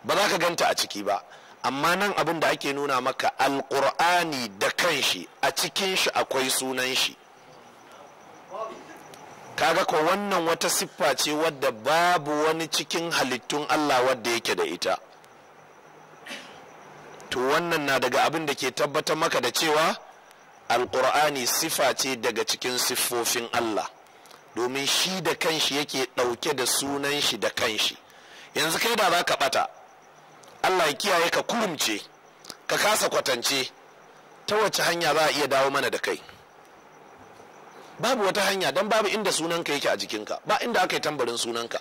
ba za ka ganta a ciki ba amma nan abin da ake nuna maka alkur'ani da kanshi a cikin shi akwai sunan shi kaga ko wannan wata siffa ce wadda babu wani cikin halittun allah wadda yake da ita to wannan na daga abin da ke tabbatar maka da cewa alƙur'ani sifa ce daga cikin siffofin Allah domin shi da kanshi yake ɗauke da sunan shi da kanshi yanzu kai da za ka ɓata Allah ya kiyaye ka kurumce ka kasa kwatance ta wace hanya za a iya dawo mana da kai babu wata hanya don babu inda sunanka yake a jikinka ba inda aka yi tambarin sunanka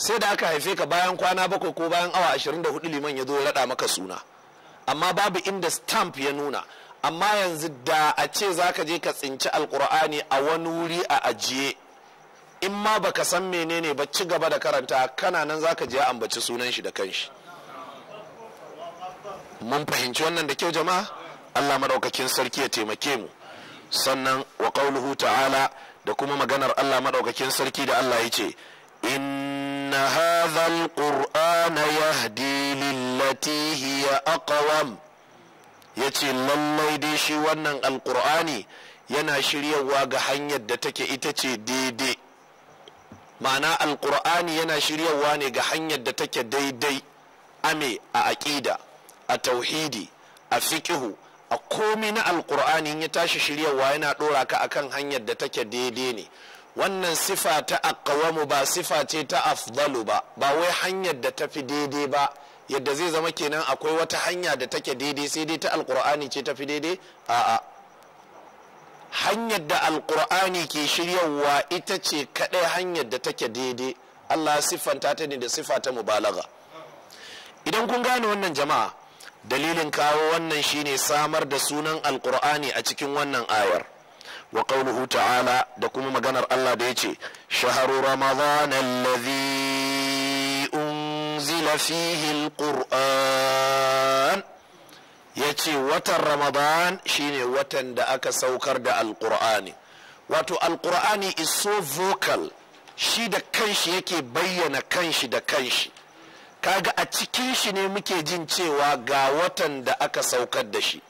sai da aka haife ka bayan kwana bakwai ko bayan awa ashirin 24 liman ya zo ya raɗa maka suna amma babu inda stamp ya nuna amma yanzu da a ce za ka je ka tsinci alkur'ani a wani wuri a ajiye in ma ba ka san menene ba ci gaba da karanta kana nan za ka je ambaci sunan shi da kanshi mun fahimci wannan da kyau jama'a allah maɗaukakin sarki ya taimake mu sannan wa ta'ala da kuma maganar allah maɗaukakin sarki da allah ya ce in إن هذا القرآن يهدي للتي هي أقوم yace lallai dai shi wannan alkur'ani yana shiryawa ga hanyar da take ita ce daidai ma'ana Alƙur'ani yana shiryawa ne ga hanyar da take daidai ame a aƙida a tauhidi a fiƙihu a komi na Alƙur'ani in ya tashi shiryawa yana ɗora ka akan hanyar da take daidai ne wannan sifa ta akawamu ba sifa ce ta afdalu ba ba wai hanyar da ta fi daidai ba yadda zai zama kenan akwai wata hanya da take daidai sai dai ta alkur'ani ce ta fi daidai a'a hanyar da alkur'ani ke shiryarwa ita ce kaɗai hanyar da take daidai allah siffanta ta ne da sifa ta mubalaga idan kun gane wannan jama'a dalilin kawo wannan shine samar da sunan alkur'ani a cikin wannan ayar wa qawluhu ta'ala da kuma maganar Allah da yace shahru ramadan alladhi unzila fihi ya yace watan ramadan shine watan da aka saukar da alqur'ani wato alqur'ani is so vocal shi da kanshi yake bayyana kanshi da kanshi kaga a cikin shi ne muke jin cewa ga watan da aka saukar da shi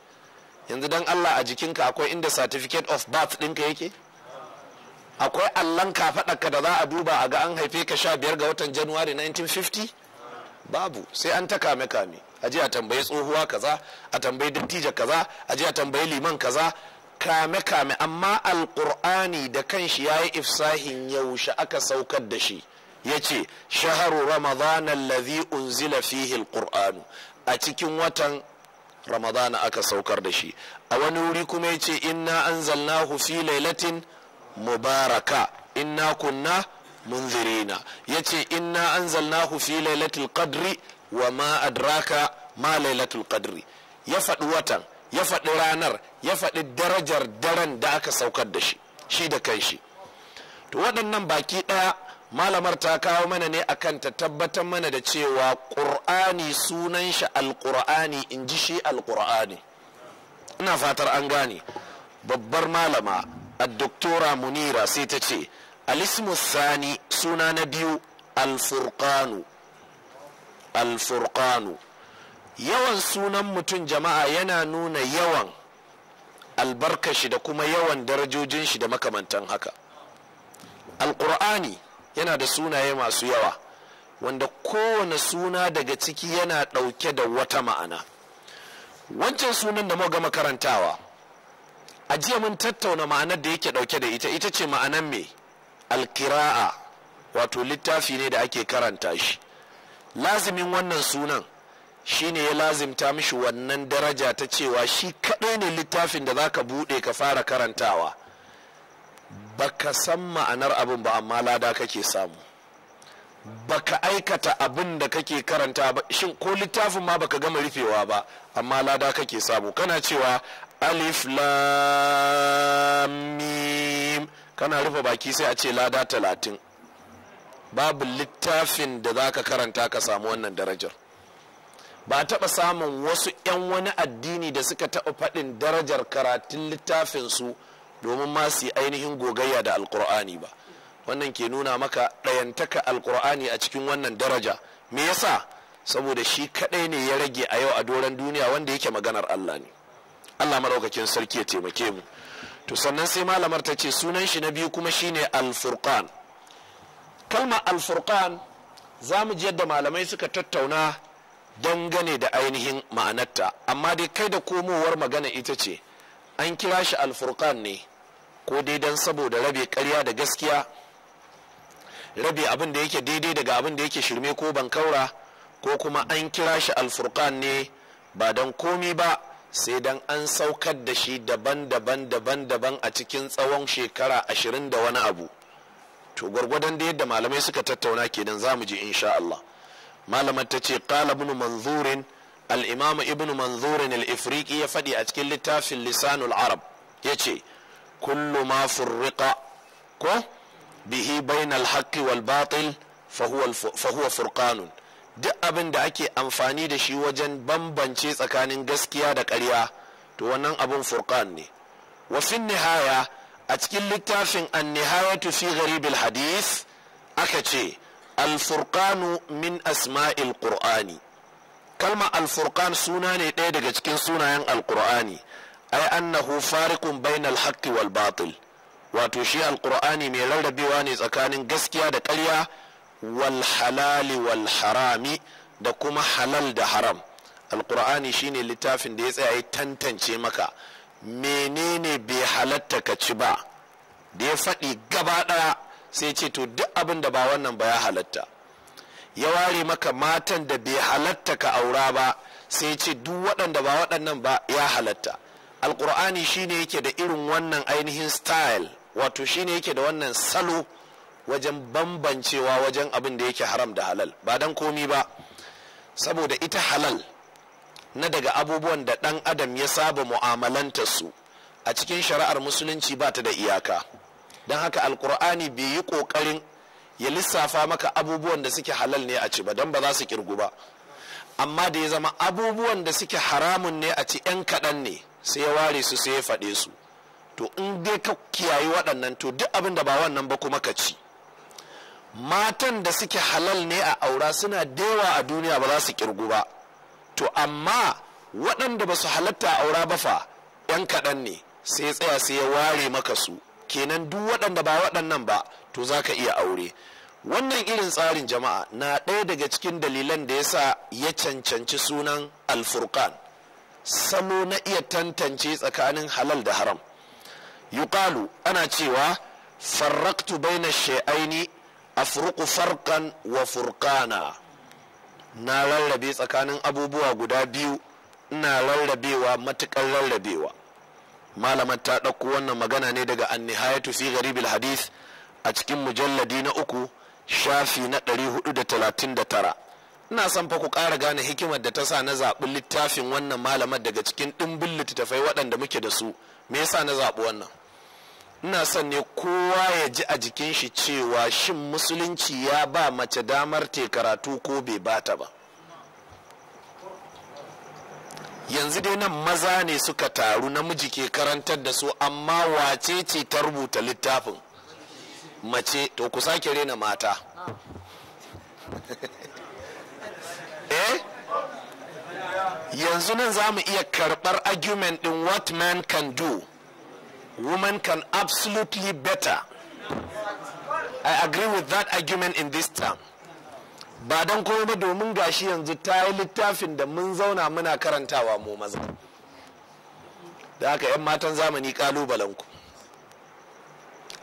yanzu dan Allah a jikinka akwai inda certificate of birth ɗinka yake akwai allon kafaɗarka da za a duba a ga an haife ka sha biyar ga watan januwari 1950 babu sai an ta kame kame a a tambayi tsohuwa kaza a tambayi dattijar kaza a a tambayi liman kaza kame kame amma alƙur'ani da kan shi ya yi ifsahin yaushe aka saukar da shi ya ce shaharu ramadan lazi unzila fihi alqur'anu a cikin watan ramadana aka saukar da shi a wani wuri kuma ya ce inna anzalnahu fi lailatin mubaraka inna kunna munzirina ya ce inna anzalnahu fi lailatul qadri wa ma adraka ma lailatul qadri ya faɗi watan ya faɗi ranar ya faɗi darajar daren da aka saukar da shi shi da shi to waɗannan baki ɗaya malamar ta kawo mana ne akan ta tabbatar mana da cewa ƙur'ani sunan shi alƙur'ani in ji shi alƙur'ani ina fatar an gane babbar malama a doktora munira sai ta ce alismus sani suna na biyu alfurkanu alfurkanu yawan sunan mutum jama'a yana nuna yawan albarkashi da kuma yawan darajojin shi da makamantan haka alƙur'ani yana da sunaye masu yawa wanda kowane suna daga ciki yana ɗauke da wata ma'ana wancan sunan da muka gama karantawa a jiya mun tattauna ma'anar da yake ɗauke da ita ita ce ma'anar mai. alkira'a wato littafi ne da ake karanta shi lazimin wannan sunan shine ya lazimta mishi wannan daraja ta cewa shi kaɗai ne littafin da za ka buɗe ka fara karantawa baka san ma'anar abin ba amma lada kake samu baka aikata abin da kake karanta ba shin ko littafin ma baka gama rufewa ba amma lada kake samu kana cewa alif lam kana rufe baki sai a ce lada talatin babu littafin da zaka karanta ka samu wannan darajar ba taɓa samun wasu 'yan wani addini da suka taɓa faɗin darajar karatun littafinsu su domin ma su ainihin gogayya da alkur'ani ba wannan ke nuna maka ɗayantaka alkur'ani a cikin wannan daraja me yasa saboda shi kaɗai ne ya rage a yau a doron duniya wanda yake maganar allah ne allah maraukakin sarki ya taimake mu to sannan sai malamar ta ce sunan shi na biyu kuma shine alfurqan kalma alfurqan za mu ji yadda malamai suka tattauna dangane da ainihin ma'anarta amma dai kai da komowar magana ita ce an kira shi alfurqan ne ko dai don saboda rabe karya da gaskiya rabe abin da yake daidai daga abin da yake shirme ko ban kaura ko kuma an kira shi alfurkan ne ba don komi ba sai don an saukar da shi daban-daban daban a cikin tsawon shekara ashirin da wani abu to gwargwadon da yadda malamai suka tattauna kenan za mu ji insha Allah malamar ta ce qala ibn manzurin al-imam ibn manzurin al-ifriqi ya fadi a cikin littafin lisanul arab yace Kulluma furriƙa, ko bihi bainal haqqi wal batil fa duk abin da ake amfani da shi wajen bambance tsakanin gaskiya da ƙarya to wannan abin furkan ne wa fin nihaya a cikin littafin an nihayatu fi gharibil hadith aka ce alfurkanu min asma'il qur'ani kalma alfurkan suna ne ɗaya daga cikin sunayen Alƙur'ani. ai annahu fariqun bainal haqqi wal batil wato shi alqur'ani mai rarrabewa ne tsakanin gaskiya da ƙarya wal halali wal harami da kuma halal da haram alqur'ani shine littafin da ya tsaya ya tantance maka menene bai halatta ka ci ba da ya faɗi gaba ɗaya sai ce to duk abin da ba wannan ba ya halatta ya ware maka matan da bai halatta ka aura ba sai ce duk waɗanda ba waɗannan ba ya halatta alkur'ani shine yake da irin wannan ainihin style wato shine yake da wannan salo wajen bambancewa wajen abin da yake haram da halal ba dan komi ba saboda ita halal na daga abubuwan da ɗan adam ya saba mu'amalanta su a cikin shari'ar musulunci ba ta da iyaka don haka alkur'ani bai yi ƙoƙarin ya lissafa maka abubuwan da suke halal ne a ci ba don ba za su kirgu ba amma da ya zama abubuwan da suke haramun ne a ci 'yan kaɗan ne sai ya ware su sai ya faɗe su to in dai ka kiyaye waɗannan to duk abin da ba wannan ba kuma ka ci matan da suke halal ne a aura suna dewa a duniya ba za su kirgu ba to amma waɗanda ba su halatta aura ba fa ɗan kaɗan ne sai ya tsaya sai ya ware maka su kenan duk waɗanda ba waɗannan ba to za ka iya aure wannan irin tsarin jama'a na ɗaya daga cikin dalilan da ya sa ya cancanci sunan alfurkan salo na iya tantance tsakanin halal da haram yuqalu ana cewa farraktu baina shay'aini afruqu farqan wa furkana na lallabe tsakanin abubuwa guda biyu ina lallabewa matukar lallabewa malamar ta ɗauko wannan magana ne daga annihayatu fi gharibil hadith a cikin mujalladi na uku shafi na 439 ina son fa ku kara gane hikimar da ta sa na zaɓi littafin wannan malamar daga cikin ɗimbin littattafai waɗanda muke da su me yasa na zaɓi wannan ina son ne kowa ya ji a jikin shi cewa shin musulunci ya ba mace damar te karatu ko bai bata ba yanzu dai nan maza ne suka taru namiji ke karantar da su amma wace ce ta rubuta littafin mace to ku sake rena mata ah. eh yanzu nan za mu iya karɓar argument ɗin what man can do woman can absolutely better i agree with that argument in this term ba don ba domin gashi yanzu ta yi littafin da mun zauna muna karantawa mu maza da haka 'yan matan zamani ƙalubalenku.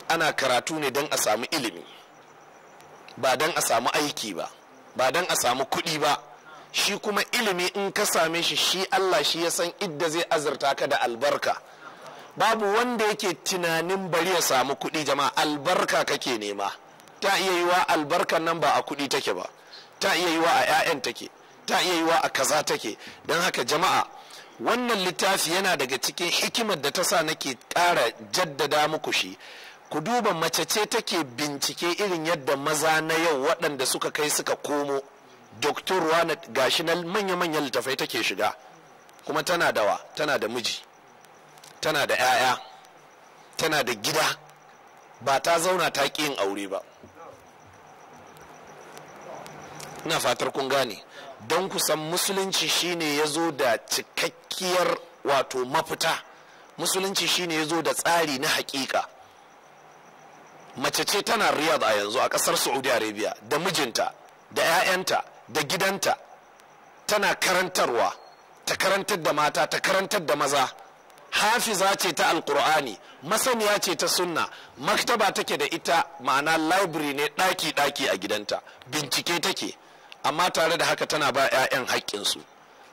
ana karatu ne don a samu ilimi ba don a samu aiki ba ba don a samu kuɗi ba shi kuma ilimi in ka same shi shi Allah shi ya san idda zai azurta ka da albarka babu wanda yake tunanin bari ya samu kuɗi jama'a albarka kake nema ta iya yi wa albarkan nan ba a kuɗi take ba ta iya yi wa a 'ya'yan take ta iya yi wa a kaza take don haka jama'a wannan littafi yana daga cikin hikimar da ta sa nake ƙara jaddada muku shi ku duba mace ce take bincike irin yadda maza na yau waɗanda suka kai suka komo doktor ga gashi na manya-manyan littafai take shiga kuma tana da wa tana da miji tana da 'ya'ya tana da gida ba ta zauna ta ƙi yin aure ba ina fatar kun gane don kusan musulunci shine ya zo da cikakkiyar wato mafita musulunci shine ya zo da tsari na hakika mace ce tana riyar a yanzu a ƙasar saudi arabia da mijinta da 'ya'yanta da gidanta tana karantarwa ta karantar da mata ta karantar da maza hafiza ce ta alkur'ani masaniya ce ta sunna maktaba take da ita ma'ana library ne ɗaki-ɗaki a gidanta bincike take amma tare da haka tana ba 'ya'yan haƙƙinsu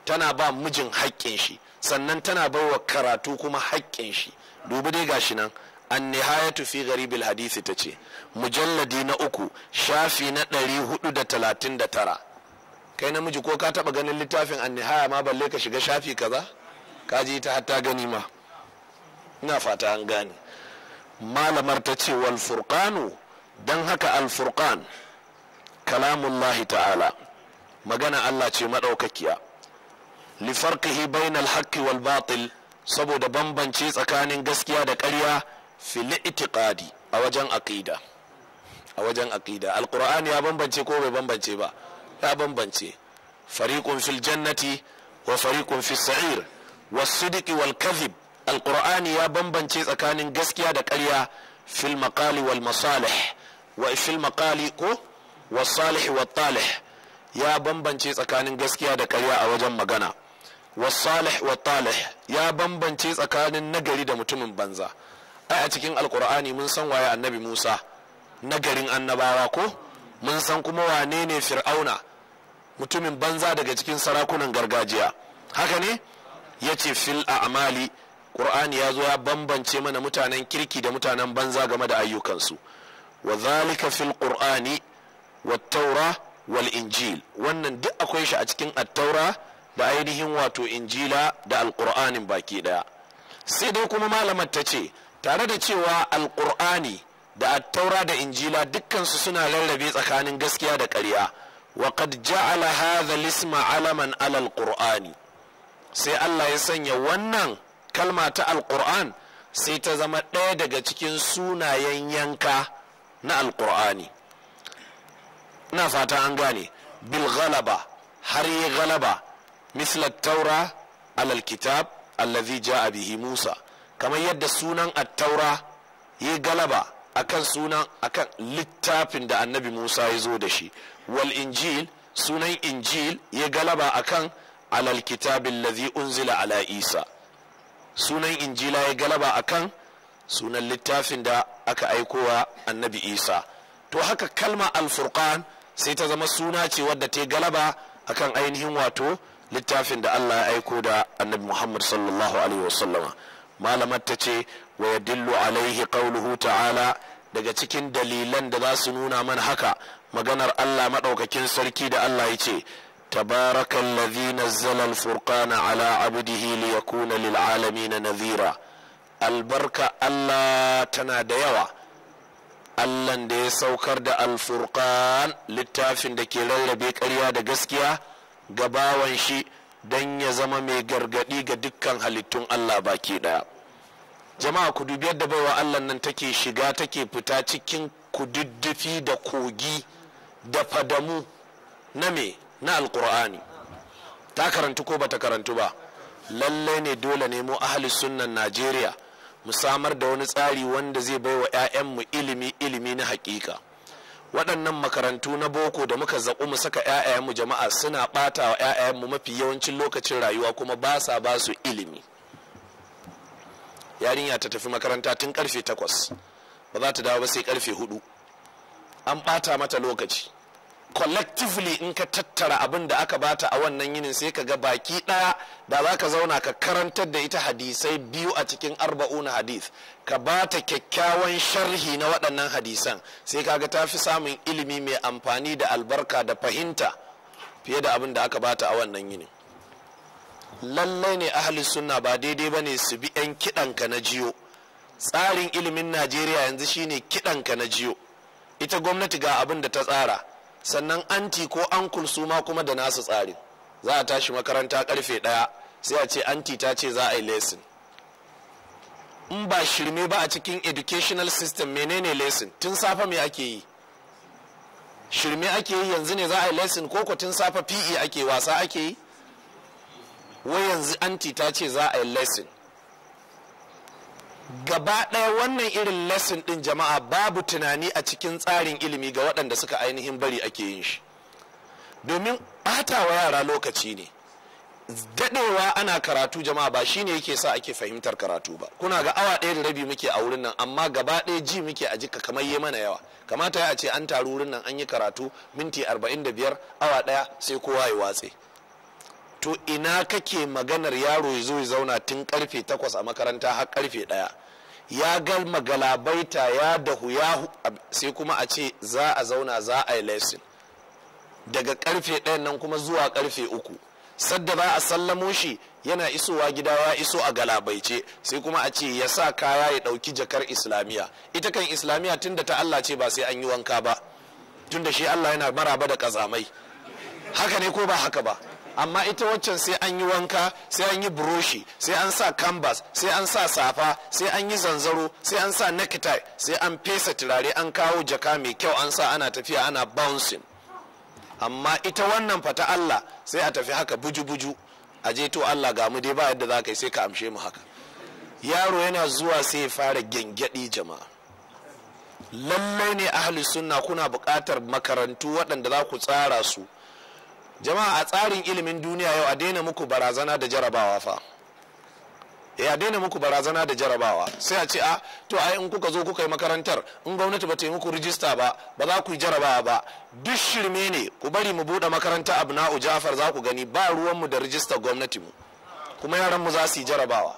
tana ba mijin haƙƙin shi sannan tana bai wa karatu kuma haƙƙin shi dubu dai gashi nan an nihayatu fi garibil hadisi ta ce mujalladi na uku shafi na ɗari hudu da talatin da tara kai namiji ko ka taba ganin littafin annihaya ma balle ka shiga shafi kaza ka ji ta hatta gani ma ina fata an gane malamar ta ce wal furqanu dan haka al furqan kalamullahi ta'ala magana Allah ce madaukakiya li farqihi bainal haqqi wal batil saboda bambance tsakanin gaskiya da ƙarya fil itiqadi a wajen aqida a wajen aqida alqur'ani ya bambance ko bai bambance ba ta bambance fariqun fil jannati wa fariqun fil sa'ir wa sidiq wal kadhib alqur'ani ya bambance tsakanin gaskiya da ƙarya fil maqali wal masalih wa fil maqali ko wa salih wa talih ya bambance tsakanin gaskiya da ƙarya a wajen magana wa salih wa talih ya bambance tsakanin nagari da mutumin banza ai a cikin alqur'ani mun san waye annabi Musa nagarin annabawa ko mun san kuma wane ne fir'auna mutumin banza daga cikin sarakunan gargajiya haka ne ya ce fil a amali ƙur'ani ya zo ya bambance mana mutanen kirki da mutanen banza game da ayyukansu wa zalika fil ƙur'ani wa taura wal injil wannan duk akwai shi a cikin attaura da ainihin wato injila da alƙur'anin baki ɗaya sai dai kuma malamar ta ce tare da cewa alƙur'ani da attaura da injila dukkansu suna lallabe tsakanin gaskiya da ƙarya وقد جعل هذا الاسم علما على القرآن sai Allah ya sanya wannan kalma ta alkur'an sai ta zama ɗaya daga cikin sunayen yanka na alkur'ani ina fata an gane bil galaba har yi galaba misla taura alal kitab allazi ja'a bihi musa kamar yadda sunan attaura yi galaba akan sunan akan littafin da annabi musa ya zo da shi wal injil sunan injil ya galaba akan alal kitabin lazi unzila ala isa sunan injila ya galaba akan sunan littafin da aka aikowa annabi isa to haka kalma alfurkan sai ta zama suna ce wadda ta galaba akan ainihin wato littafin da allah ya aiko da annabi muhammad sallallahu alaihi wasallama malamar ta ce ويدل alaihi قوله ta'ala daga cikin dalilan da za su nuna man haka maganar Allah maɗaukakin sarki da Allah ya ce tabarakan lazi furkana ala abdihi li yakuna lil alami na nazira albarka Allah tana da yawa Allah da ya saukar da alfurkan littafin da ke rarrabe ƙarya da gaskiya ga bawan shi don ya zama mai gargaɗi ga dukkan halittun Allah baki ɗaya jama'a ku dubi yadda baiwa allah nan take shiga take fita cikin kududdufi da kogi da fadamu na me na alkur'ani ta karantu ko bata karantu ba lallai ne dole ne mu ahli sunnan najeriya mu samar da wani tsari wanda zai baiwa 'ya'yanmu ilimi ilimi na hakika waɗannan makarantu na boko da muka zaƙu mu saka 'ya'yanmu jama'a suna ɓata wa 'ya'yanmu mafi yawancin lokacin rayuwa kuma ba sa ba su ilimi yarinya ta tafi makaranta tun karfe takwas ba za ta dawo ba sai karfe hudu an bata mata lokaci collectively in ka tattara abin da aka bata a wannan yinin sai ka ga baki ɗaya da za ka zauna ka karantar da ita hadisai biyu a cikin arba'una hadith ka bata kyakkyawan sharhi na waɗannan hadisan sai ka ta fi samun ilimi mai amfani da albarka da fahimta fiye da abin da aka bata a wannan yinin lallai ne ahli sunna ba daidai ba ne su bi 'yan kiɗanka na jiyo tsarin ilimin najeriya yanzu shine kiɗanka na jiyo ita gwamnati ga abin da ta tsara sannan anti ko ankul su ma kuma da nasu tsarin za a tashi makaranta karfe ɗaya sai a ce anti ta ce za a yi lesson in ba shirme ba a cikin educational system menene lesson tun safa me ake yi shirme ake yi yanzu ne za a yi lesson ko tun safa pe ake wasa ake yi wai yanzu anti ta ce za a yi lesson gaba ɗaya wannan irin lesson ɗin jama'a babu tunani a cikin tsarin ilimi ga waɗanda suka ainihin bari ake yin shi domin ɓatawa yara lokaci ne daɗewa ana karatu jama'a ba shine yake sa ake fahimtar karatu ba kuna ga awa ɗaya da rabi muke a wurin nan amma gaba ɗaya ji muke a jika kamar yi mana yawa kamata ya ce an taru wurin nan an yi karatu minti arba'in da biyar awa ɗaya sai kowa ya watse to ina kake maganar yaro ya zo ya zauna tun karfe takwas a makaranta har karfe ɗaya ya gama galabaita ya dahu ya sai kuma a ce za a zauna za a yi lesson daga karfe ɗayan nan kuma zuwa karfe uku sadda za a sallamo shi yana isowa gida ya iso a galabaice sai kuma a ce ya sa kaya ya ɗauki jakar islamiyya ita kan islamiyya tunda ta Allah ce ba sai an yi wanka ba tunda shi Allah yana maraba da kazamai haka ne ko ba haka ba amma ita waccan sai an yi wanka sai an yi buroshi sai an sa canvas sai an sa safa sai an yi zanzaro sai an sa necktie sai an fesa turare an kawo jaka mai kyau an sa ana tafiya ana bouncing amma ita wannan fata Allah sai a tafi haka buju-buju a je to Allah ga mu dai ba yadda za ka yi sai ka amshe mu haka yaro yana zuwa sai ya fara gyangyaɗi jama'a lallai ne ahli sunna kuna buƙatar makarantu waɗanda za ku tsara su jama'a a tsarin ilimin duniya yau a daina muku barazana da jarabawa fa ya eh, daina muku barazana da jarabawa sai a ce a ah, to ai in kuka zo kuka yi makarantar in gwamnati ba ta yi muku rijista ba ba za ku yi jarabawa ba duk shirme ne ku bari mu buɗe makaranta abna'u jafar za ku gani ba ruwanmu da rijistar gwamnati mu kuma yaran mu za su yi jarabawa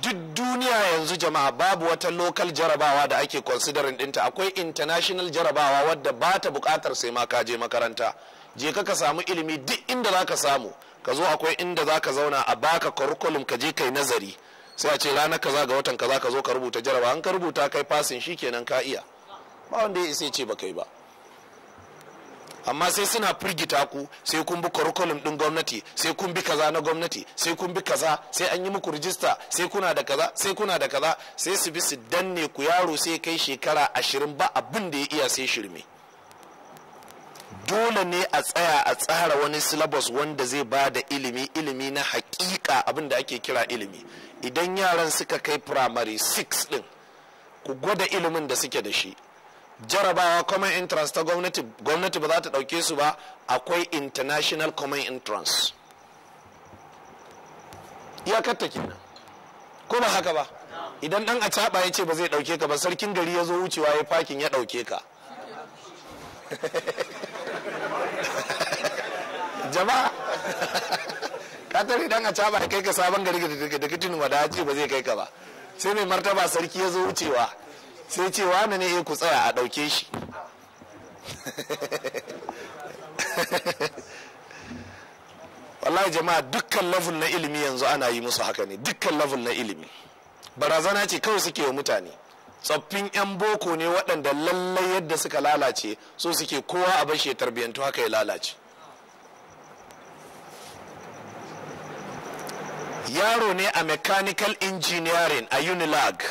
duk duniya yanzu jama'a babu wata lokal jarabawa da ake considering dinta akwai international jarabawa wadda ba ta bukatar sai ma ka je makaranta je ka samu ilimi duk inda za ka samu ka zo akwai inda za ka zauna a baka curriculum ka je kai nazari sai a ce ranar kaza ga watan kaza ka zo ka rubuta jaraba an ka rubuta kai fasin shi kenan ka iya ba wanda ya isa ce ba kai ba amma sai suna firgita ku sai kun bi curriculum din gwamnati sai kun bi kaza na gwamnati sai kun bi kaza sai an yi muku rijista sai kuna da kaza sai kuna da kaza sai su bi su danne ku yaro sai kai shekara ashirin ba abin da ya iya sai shirme dole ne a tsaya a tsara wani syllabus wanda zai ba da ilimi ilimi na hakika abin da ake kira ilimi idan yaran suka kai primary 6 din ku gwada ilimin da suke da shi jarabawa common entrance ta gwamnati gwamnati ba za ta dauke su ba akwai international common entrance iyakar ta kenan ko ba haka ba idan dan a caba ya ce ba zai dauke ka ba sarkin gari ya zo wucewa ya fakin ya dauke ka jama'a ka tare dan a caba kai ka sabon gari da daga wada wadaci ba zai kai ka ba sai mai martaba sarki ya zo wucewa sai ce wani ne ku tsaya a ɗauke shi wallahi jama'a dukkan level na ilimi yanzu ana yi musu haka ne dukkan level na ilimi barazana ce kawai suke wa mutane tsoffin 'yan boko ne waɗanda lallai yadda suka lalace so suke kowa a bashi ya tarbiyyantu haka ya lalace yaro ne a mechanical engineering a unilag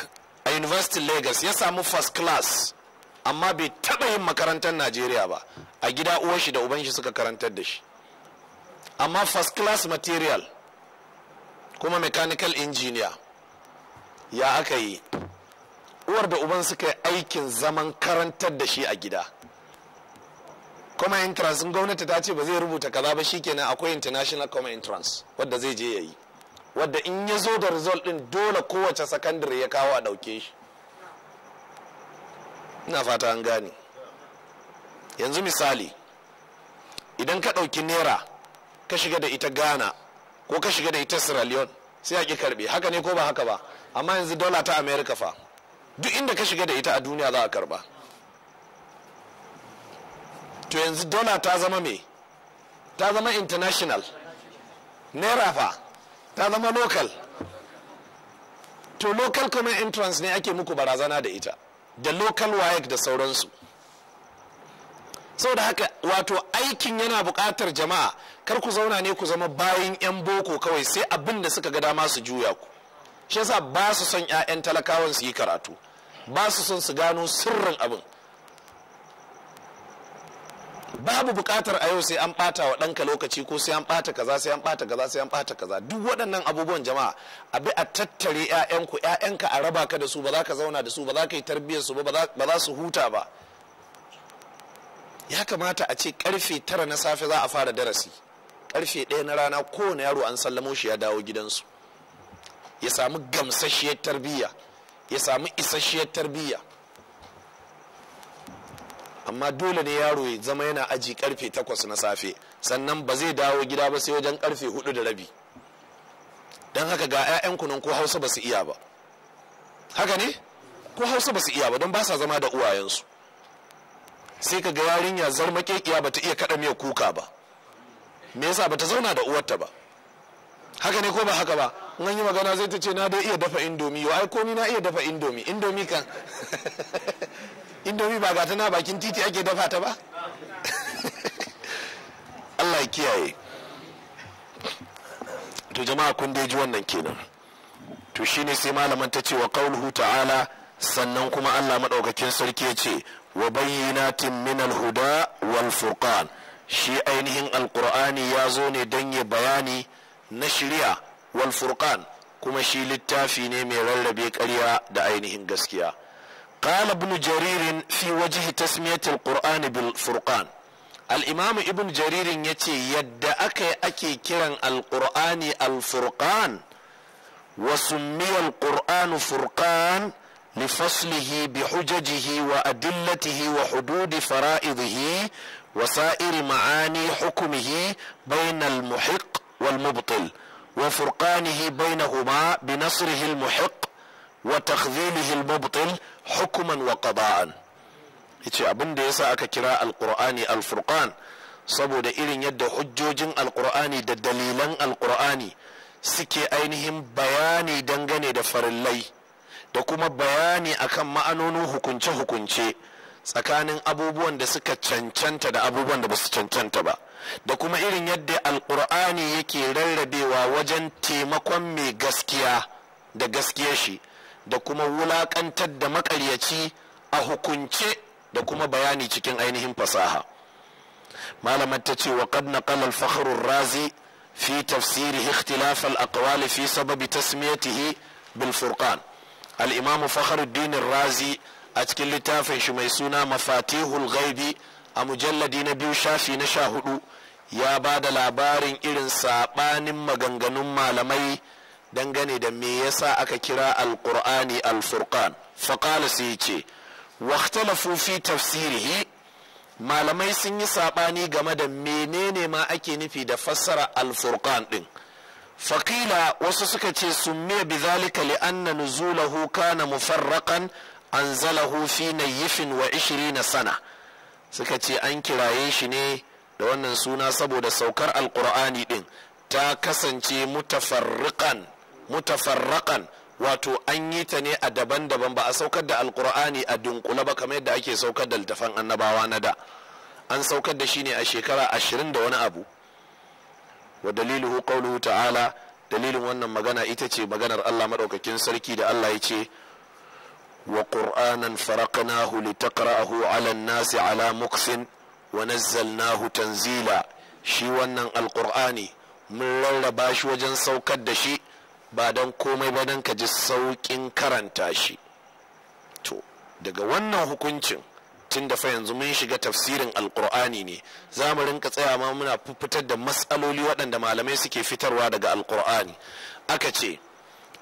a university lagos ya samu first class amma bai taba yin makarantar najeriya ba a gida uwarshi da ubanshi suka karantar da shi amma first class material kuma mechanical engineer ya aka yi uwar da uban suka yi aikin zaman karantar da shi a gida kuma entrance gwamnati ta ce ba zai rubuta kaza ba shikenan akwai international common entrance wadda zai je ya yi wadda in ya zo da result din dole kowace sakandare ya kawo a ɗauke shi ina fata an gane yanzu misali idan ka ɗauki naira ka shiga da ita ghana ko ka shiga da ita sierra leone sai a ƙi karbe haka ne ko ba haka ba amma yanzu dola ta america fa duk inda ka shiga da ita a duniya za a karɓa to yanzu dola ta zama me ta zama international naira fa ta zama local to local common entrance ne ake muku barazana da ita da local wayek da sauransu saboda haka wato aikin yana buƙatar jama'a kar ku zauna ne ku zama bayan 'yan boko kawai sai abin da suka ga dama su juya ku shi yasa ba su son 'ya'yan talakawan su yi karatu ba su son su gano sirrin abin babu bukatar a yau sai an ɓata wa ɗanka lokaci ko sai an bata kaza sai an ɓata kaza sai an ɓata kaza duk waɗannan abubuwan jama'a a bi a tattare 'ya'yanku 'ya'yanka a raba ka da su ba za ka zauna da su ba za ka yi tarbiyyar su ba ba za su huta ba ya kamata a ce karfe tara na safe za a fara darasi karfe ɗaya na rana kowane yaro an sallamo shi ya dawo gidansu ya samu gamsashiyar tarbiyya ya samu isasshiyar tarbiyya amma dole ne yaro ya zama yana aji karfe takwas na safe sannan ba zai dawo gida ba sai wajen karfe hudu da rabi don haka ga 'ya'yan nan ko hausa ba su iya ba haka ne ko hausa ba su iya ba don ba sa zama da uwayensu sai ka ga yarinya zarmakekiya ba ta iya kaɗa miya kuka ba me yasa ba ta zauna da uwarta ba haka ne ko ba haka ba in an yi magana zai ta ce na dai iya dafa indomi yau ai komi na iya dafa indomi indomi kan indomi ba ga tana bakin titi ake dafa ta ba allah kiyaye to jama'a kun ji wannan kenan to shine sai malaman ta ce wa qauluhu ta'ala sannan kuma allah maɗaukakin sarki ya ce wa bayyinatin min alhuda wal furqan shi ainihin alkur'ani ya zo ne don ya bayani na shirya wal furqan kuma shi littafi ne mai rarrabe karya da ainihin gaskiya قال ابن جرير في وجه تسمية القرآن بالفرقان الإمام ابن جرير يتي يد أكي أكي كيران القرآن الفرقان وسمي القرآن فرقان لفصله بحججه وأدلته وحدود فرائضه وسائر معاني حكمه بين المحق والمبطل وفرقانه بينهما بنصره المحق wa takdhilihi al-mubtil hukuman wa yace abin da yasa aka kira alqur'ani alfurqan saboda irin yadda hujjojin alqur'ani da dalilan alqur'ani suke ainihin bayani dangane da farillai da kuma bayani akan ma'anonin hukunce-hukunce tsakanin abubuwan da suka cancanta da abubuwan da ba su cancanta ba da kuma irin yadda alkur'ani yake rarrabewa wajen taimakon mai gaskiya da gaskiyar shi da kuma wulaƙantar da maƙaryaci a hukunce da kuma bayani cikin ainihin fasaha malamar ta ce wa qad naqala al razi fi tafsiri ikhtilaf al fi sababi tasmiyatihi bil furqan al-imam fakhruddin razi a cikin littafin shi mai suna mafatihul ghaibi a mujalladi na biyu shafi na sha hudu ya ba da labarin irin saɓanin maganganun malamai dangane da me yasa aka kira alqur'ani alfurqan qala sai wa واختلفوا fi تفسيره malamai sun yi saɓani game da menene ma ake nufi da fassara alfurqan ɗin faƙila wasu suka ce summi bi zalika li anna nuzulahu kana mufarraqan anzalahu fi nayfin wa na sana suka ce an kiraye shi ne da wannan suna saboda saukar alqur'ani ɗin ta kasance mutafarriqan mutafarraqan wato an yi ta ne a daban-daban ba a saukar da alkur'ani a dunkule ba kamar yadda ake saukar da littafan annabawa na da an saukar da shi ne a shekara ashirin da wani abu wa daliluhu qawluhu ta'ala dalilin wannan magana ita ce maganar Allah maɗaukakin sarki da Allah ya ce wa qur'anan faraqnahu litaqra'ahu 'ala an-nasi 'ala muksin wa nazzalnahu tanzila shi wannan alkur'ani mun rarraba shi wajen saukar da shi ba don komai ba don ka ji sauƙin karanta shi to daga wannan hukuncin tun da fa yanzu mun shiga tafsirin alkur'ani ne za mu rinka tsaya ma muna fitar da matsaloli waɗanda malamai suke fitarwa daga alkur'ani aka ce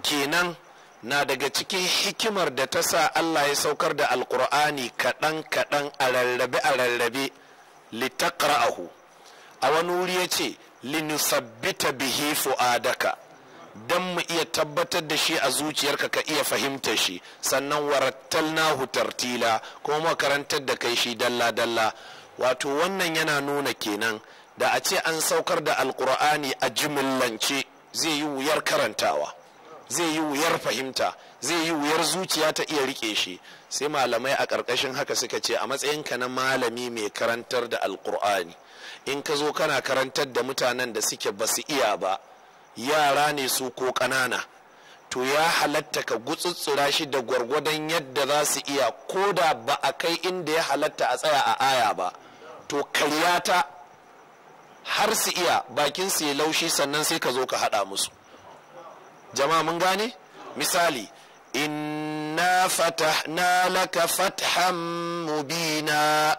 kenan na daga cikin hikimar da ta sa allah ya saukar da alkur'ani kaɗan kaɗan a rarrabe a rarrabe littakar a wani wuri ya ce linusabbita bihi fu'adaka don mu iya tabbatar da shi a zuciyarka ka iya fahimtar shi sannan warattalnahu tartila kuma makarantar da kai shi dalla-dalla wato wannan yana nuna kenan da a ce an saukar da alkur'ani a jimillance zai yi wuyar karantawa zai yi wuyar fahimta zai yi wuyar zuciya ta iya rike shi sai malamai a ƙarƙashin haka suka ce a matsayinka na malami mai karantar da alkur'ani in ka zo kana karantar da mutanen da suke basu iya ba yara ne su ko ƙanana to ya halatta ka gutsutsura shi da gwargwadon yadda za su iya ko da ba a kai inda ya halatta a tsaya a aya ba to karyata har su iya bakin su ya laushi sannan sai ka zo ka haɗa musu jama'a mun gane misali inna fatahna laka fathan mubina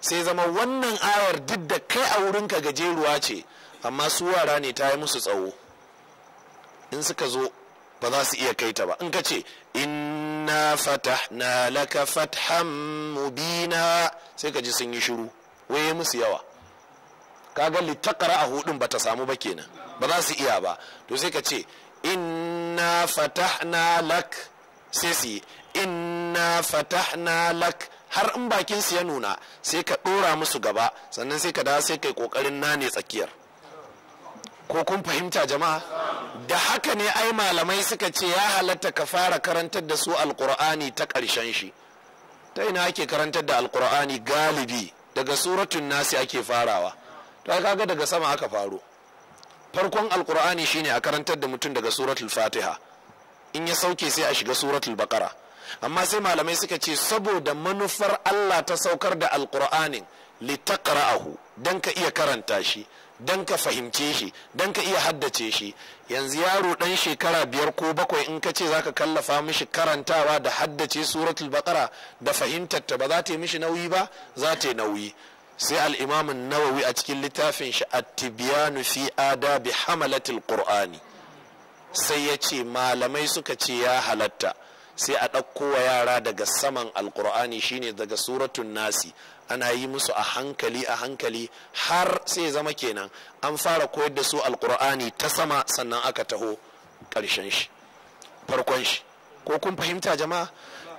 sai zama wannan ayar duk da kai a wurinka gajeruwa ce amma su wara ne ta yi musu tsawo in suka zo ba za su iya kai ta ba in ka ce inna fatahna laka fatham mubina sai ka ji sun yi shiru waye musu yawa kaga littakara a hudun ba ta samu ba kenan ba za su iya ba to sai ka ce inna fatahna lak sai su yi inna fatahna lak har in bakin su ya nuna sai ka dora musu gaba sannan sai ka da sai kai kokarin nane tsakiyar ko kun fahimta jama'a da haka ne ai malamai suka ce ya halatta ka fara karantar da su alkur'ani ta ƙarshen shi ta ina ake karantar da alkur'ani galibi daga suratun nasi ake farawa to kaga daga sama aka faro farkon alkur'ani shine a karantar da mutum daga suratul fatiha in ya sauke sai a shiga suratul Baƙara. amma sai malamai suka ce saboda manufar allah ta saukar da alkur'anin litaqra'ahu dan ka iya karanta shi don ka fahimce shi don ka iya haddace shi yanzu yaro dan shekara biyar ko bakwai in ka ce za ka kallafa mishi karantawa da haddace suratul bakara da fahimtar ta ba za ta yi mishi nauyi ba za ta yi nauyi sai al'imamin nawawi a cikin littafin shi at-tibyanu fi bi hamalatil qur'ani sai ya ce malamai suka ce ya halatta sai a ɗauko wa yara daga saman alkur'ani shine daga suratun nasi ana yi musu a hankali a hankali har sai zama kenan an fara koyar da su alkur'ani ta sama sannan aka taho ƙarshen shi farkon shi ko kun fahimta jama'a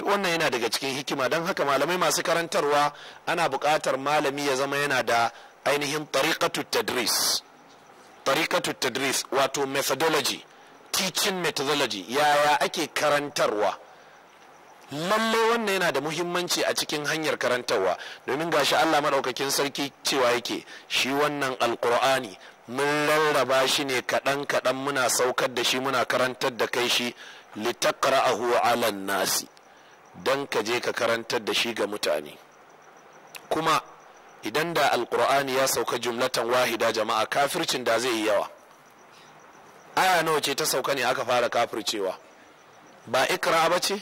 wannan yana daga cikin hikima don haka malamai masu karantarwa ana buƙatar malami ya zama yana da ainihin tariqatu tadris tariqatu tadris wato methodology teaching methodology yaya ake karantarwa lallai wannan yana da muhimmanci a cikin hanyar karantarwa domin gashi Allah maɗaukakin sarki cewa yake shi wannan alkur'ani mun rarraba shi ne kaɗan kaɗan muna saukar da shi muna karantar da kai shi litaqra'ahu 'alan nasi dan ka je ka karantar da shi ga mutane kuma idan da alkur'ani ya sauka jumlatan wahida jama'a kafircin da zai yi yawa aya nawa ce ta sauka ne aka fara kafircewa ba ikra ba ce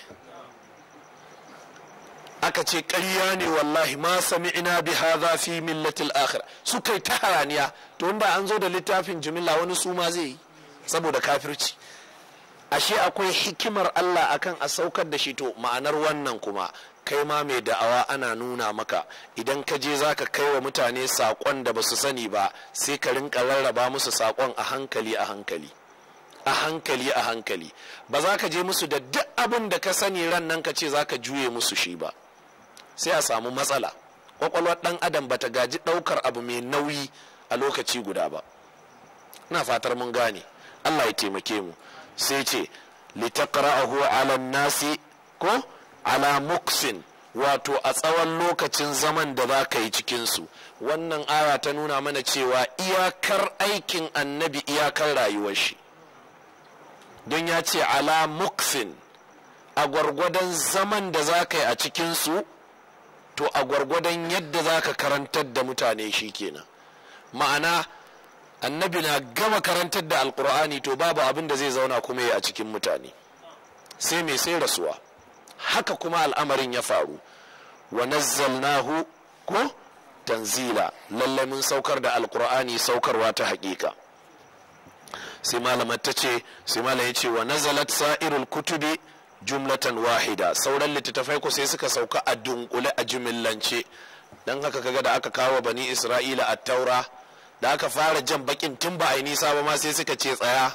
aka ce karya ne wallahi ma sami ina bi haza fi millatil akhira su kai ta haraniya to in ba an zo da littafin jimilla wani su ma zai yi saboda kafirci ashe akwai hikimar Allah akan a saukar da shi to ma'anar wannan kuma kai ma mai da'awa ana nuna maka idan ka je za kai wa mutane saƙon da basu sani ba sai ka rinka rarraba musu saƙon a hankali a hankali a hankali a hankali ba za ka je musu da duk abin da ka sani ran nan ka ce za ka juye musu shi ba sai a samu matsala kwakwalwar dan adam ba ta gaji daukar abu mai nauyi a lokaci guda ba na fatar mun gane allah ya taimake mu sai ce litaqra'ahu ala nasi ko ala muksin wato a tsawon lokacin zaman da za ka yi cikinsu wannan aya ta nuna mana cewa iyakar aikin annabi iyakar rayuwar shi don ya ce ala muksin a gwargwadon zaman da za ka yi a cikinsu to a gwargwadon yadda za ka karantar da mutane shi kenan ma'ana annabi na gama karantar da alkur'ani to babu abin da zai zauna kuma ya a cikin mutane sai mai sai rasuwa haka kuma al'amarin ya faru wa nazzalnahu ko tanzila lalle saukar da alkur'ani saukarwa ta hakika sai malamar ta ce sai malam ya ce wa nazalat sa'irul kutubi jumlatan wahida sauran littattafai ku sai suka sauka a dunkule a jumillance don haka kaga da aka kawo bani isra'ila a taura da aka fara jan bakin tun ba a yi nisa ba ma sai suka ce tsaya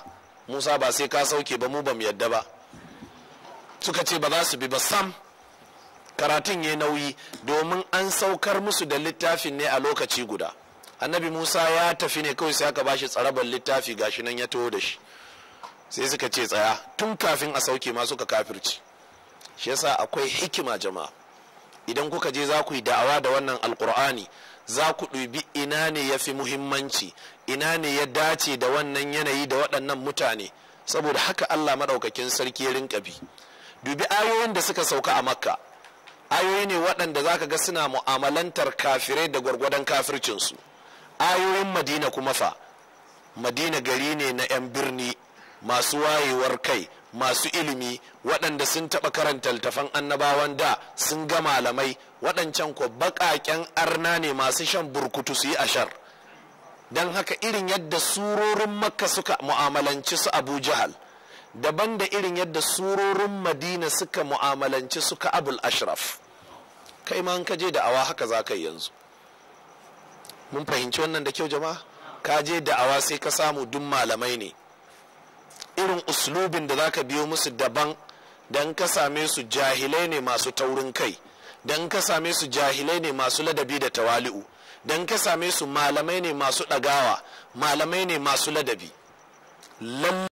musa ba sai ka sauke ba mu ba mu yadda ba suka ce ba za su bi ba sam karatun ya nauyi domin an saukar musu da littafin ne a lokaci guda annabi musa ya tafi ne kawai sai aka bashi tsarabar littafi gashi nan ya taho da shi sai suka ce tsaya tun kafin a sauke ma suka kafirci shi yasa akwai hikima jama'a idan kuka je za ku yi da'awa da wannan alkur'ani za ku ɗubi ina ne ya fi muhimmanci ina ne ya dace da wannan yanayi da waɗannan mutane saboda haka allah maɗaukakin sarki ya rinka bi dubi ayoyin da suka sauka a makka ayoyi ne waɗanda za ka ga suna mu'amalantar kafirai da gwargwadon kafircinsu ayoyin madina kuma fa madina gari ne na 'yan birni masu wayewar kai masu ilimi waɗanda sun taɓa karanta littafan annabawan da sun ga malamai waɗancan ko baƙaƙen arna ne masu shan burkutu su yi ashar don haka irin yadda surorin makka suka mu'amalanci su abu jahal daban da irin yadda surorin madina suka mu'amalanci suka abul ashraf kai ma ka je da'awa haka za ka yanzu mun fahimci wannan da kyau jama'a ka je da'awa sai ka samu duk malamai ne irin uslubin da za ka biyo musu daban dan ka same su jahilai ne masu taurin kai dan ka same su jahilai ne masu ladabi da tawali'u dan ka same su malamai ne masu ɗagawa malamai ne masu ladabi